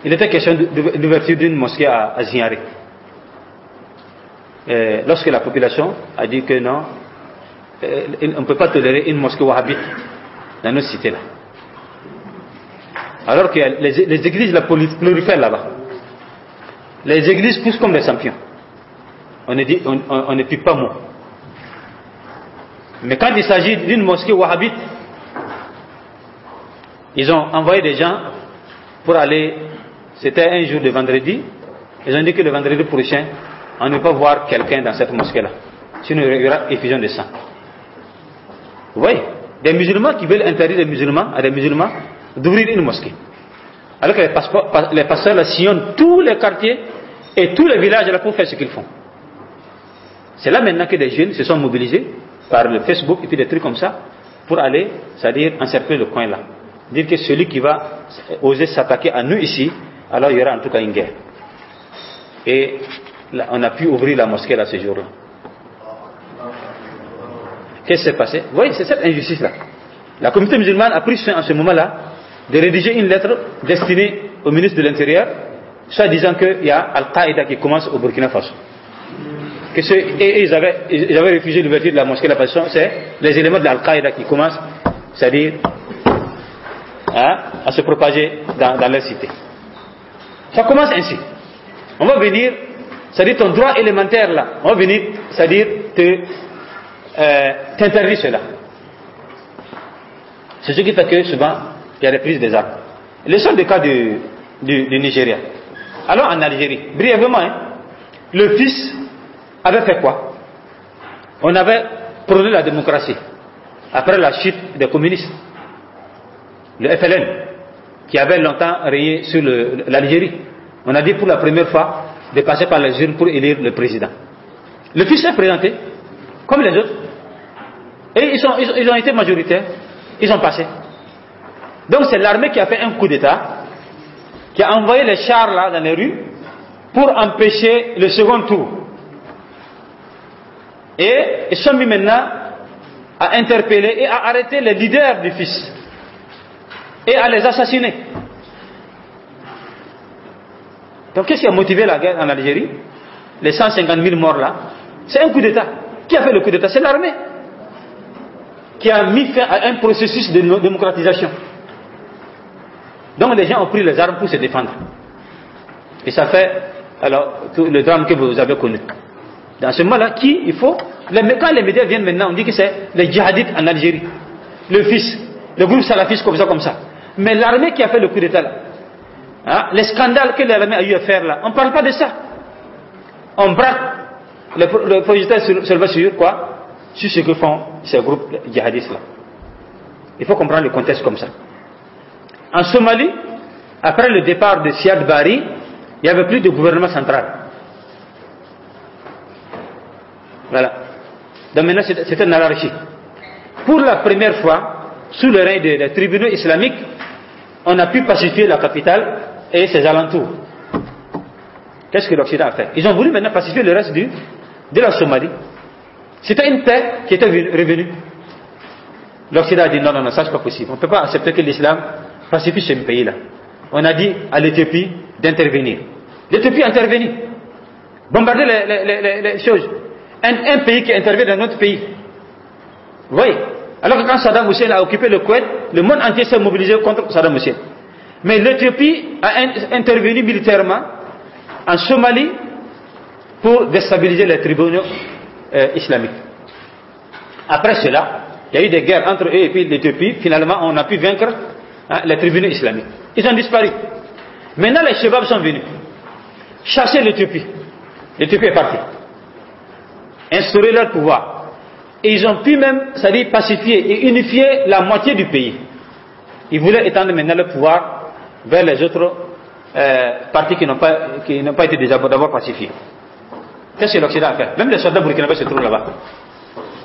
il était question d'ouverture d'une mosquée à, Zinari. Lorsque la population a dit que non, euh, on ne peut pas tolérer une mosquée wahhabite dans nos cités là. Alors que les, églises la plurifèrent là-bas. Les églises poussent comme des champions. On ne, dit, on, ne pique pas moins. Mais quand il s'agit d'une mosquée wahhabite, ils ont envoyé des gens pour aller. C'était un jour de vendredi. Ils ont dit que le vendredi prochain, on ne peut pas voir quelqu'un dans cette mosquée-là. Sinon, il y aura effusion de sang. Vous voyez Des musulmans qui veulent interdire des musulmans, à des musulmans d'ouvrir une mosquée. Alors que les, les pasteurs sillonnent tous les quartiers et tous les villages là pour faire ce qu'ils font. C'est là maintenant que des jeunes se sont mobilisés par le Facebook et puis des trucs comme ça pour aller, c'est-à-dire encercler le coin là. Dire que celui qui va oser s'attaquer à nous ici, alors il y aura en tout cas une guerre. Et on a pu ouvrir la mosquée là ce jour-là. Qu'est-ce qui s'est passé Vous voyez, c'est cette injustice-là. La communauté musulmane a pris soin en ce moment-là de rédiger une lettre destinée au ministre de l'Intérieur, soit disant qu'il y a Al-Qaïda qui commence au Burkina Faso. Que et ils avaient, ils refusé l'ouverture de la mosquée de la Passion, c'est les éléments de l'Al-Qaïda qui commencent, c'est-à-dire hein, à se propager dans, dans cité. Ça commence ainsi. On va venir, c'est-à-dire ton droit élémentaire là, on va venir, c'est-à-dire te euh, t'interdis cela. C'est ce qui fait que souvent, il y a des prises des armes. Le seul des cas du, Nigeria. Alors en Algérie, brièvement, hein. le fils avait fait quoi On avait prôné la démocratie après la chute des communistes, le FLN, qui avait longtemps rayé sur l'Algérie. On a dit pour la première fois de passer par les urnes pour élire le président. Le fils est présenté, comme les autres, et ils, ont été majoritaires. Ils ont passé. Donc c'est l'armée qui a fait un coup d'État, qui a envoyé les chars là dans les rues pour empêcher le second tour. Et ils sont mis maintenant à interpeller et à arrêter les leaders du fils et à les assassiner. Donc qu'est-ce qui a motivé la guerre en Algérie Les 150 000 morts là, c'est un coup d'État. Qui a fait le coup d'État C'est l'armée qui a mis fin à un processus de démocratisation. Donc les gens ont pris les armes pour se défendre. Et ça fait alors le drame que vous avez connu. Dans ce moment-là, qui il faut Quand les médias viennent maintenant, on dit que c'est les djihadistes en Algérie, le fils, le groupe salafiste comme ça, comme ça. Mais l'armée qui a fait le coup d'État là, hein, les scandales que l'armée a eu à faire là, on ne parle pas de ça. On braque le, le projet sur, sur quoi sur ce que font ces groupes djihadistes-là. Il faut comprendre le contexte comme ça. En Somalie, après le départ de Siad Bari, il n'y avait plus de gouvernement central. Voilà. Donc maintenant, c'est une anarchie. Pour la première fois, sous le règne des, tribunaux islamiques, on a pu pacifier la capitale et ses alentours. Qu'est-ce que l'Occident a fait Ils ont voulu maintenant pacifier le reste de la Somalie. C'était une paix qui était revenue. L'Occident a dit non, non, non, ça c'est pas possible. On ne peut pas accepter que l'islam pacifie ce pays-là. On a dit à l'Éthiopie d'intervenir. L'Éthiopie a intervenu. Bombarder les, choses. Un, pays qui intervient dans notre pays. Voyez. Alors que quand Saddam Hussein a occupé le Kuwait, le monde entier s'est mobilisé contre Saddam Hussein. Mais l'Éthiopie a intervenu militairement en Somalie pour déstabiliser les tribunaux euh, islamique. Après cela, il y a eu des guerres entre eux et puis l'Éthiopie. Finalement, on a pu vaincre hein, les tribunaux islamiques. Ils ont disparu. Maintenant, les chebabs sont venus chasser l'Éthiopie. L'Éthiopie est partie. Instaurer leur pouvoir. Et ils ont pu même, ça dire, pacifier et unifier la moitié du pays. Ils voulaient étendre maintenant le pouvoir vers les autres parties euh, partis qui n'ont pas, qui pas été d'abord pacifiés. Qu'est-ce que l'Occident a fait Même les soldats burkinabés se trouvent là-bas.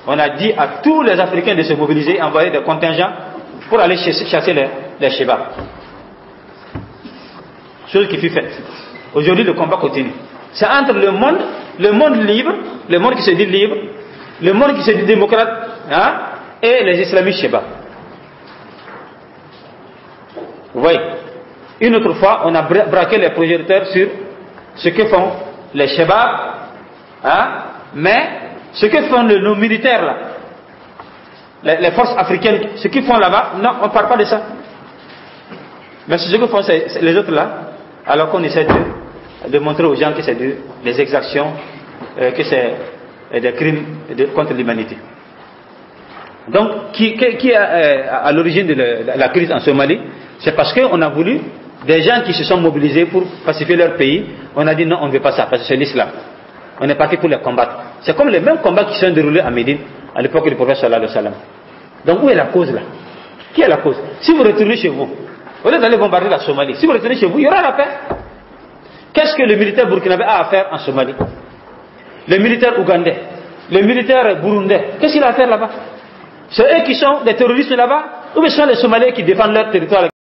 On a dit à tous les Africains de se mobiliser, envoyer des contingents pour aller chasser, les, les Chose qui fut faite. Aujourd'hui, le combat continue. C'est entre le monde, le monde libre, le monde qui se dit libre, le monde qui se dit démocrate, hein, et les islamistes Shebas. Vous voyez Une autre fois, on a braqué les projecteurs sur ce que font les chebabs Hein? Mais ce que font nos militaires là, les, forces africaines, ce qu'ils font là-bas, non, on ne parle pas de ça. Mais ce que font les autres là, alors qu'on essaie de, montrer aux gens que c'est des exactions, euh, que c'est euh, des crimes contre l'humanité. Donc, qui, est euh, à l'origine de, de la crise en Somalie C'est parce qu'on a voulu des gens qui se sont mobilisés pour pacifier leur pays. On a dit non, on ne veut pas ça, parce que c'est l'islam on est parti pour les combattre. C'est comme les mêmes combats qui sont déroulés à Médine à l'époque du prophète sallallahu alayhi wa sallam. Donc où est la cause là Qui est la cause Si vous retournez chez vous, au lieu d'aller bombarder la Somalie, si vous retournez chez vous, il y aura la paix. Qu'est-ce que le militaire burkinabé a à faire en Somalie Le militaire ougandais, le militaire burundais, qu'est-ce qu'il a à faire là-bas sont eux qui sont des terroristes là-bas Ou bien ce sont les Somaliens qui défendent leur territoire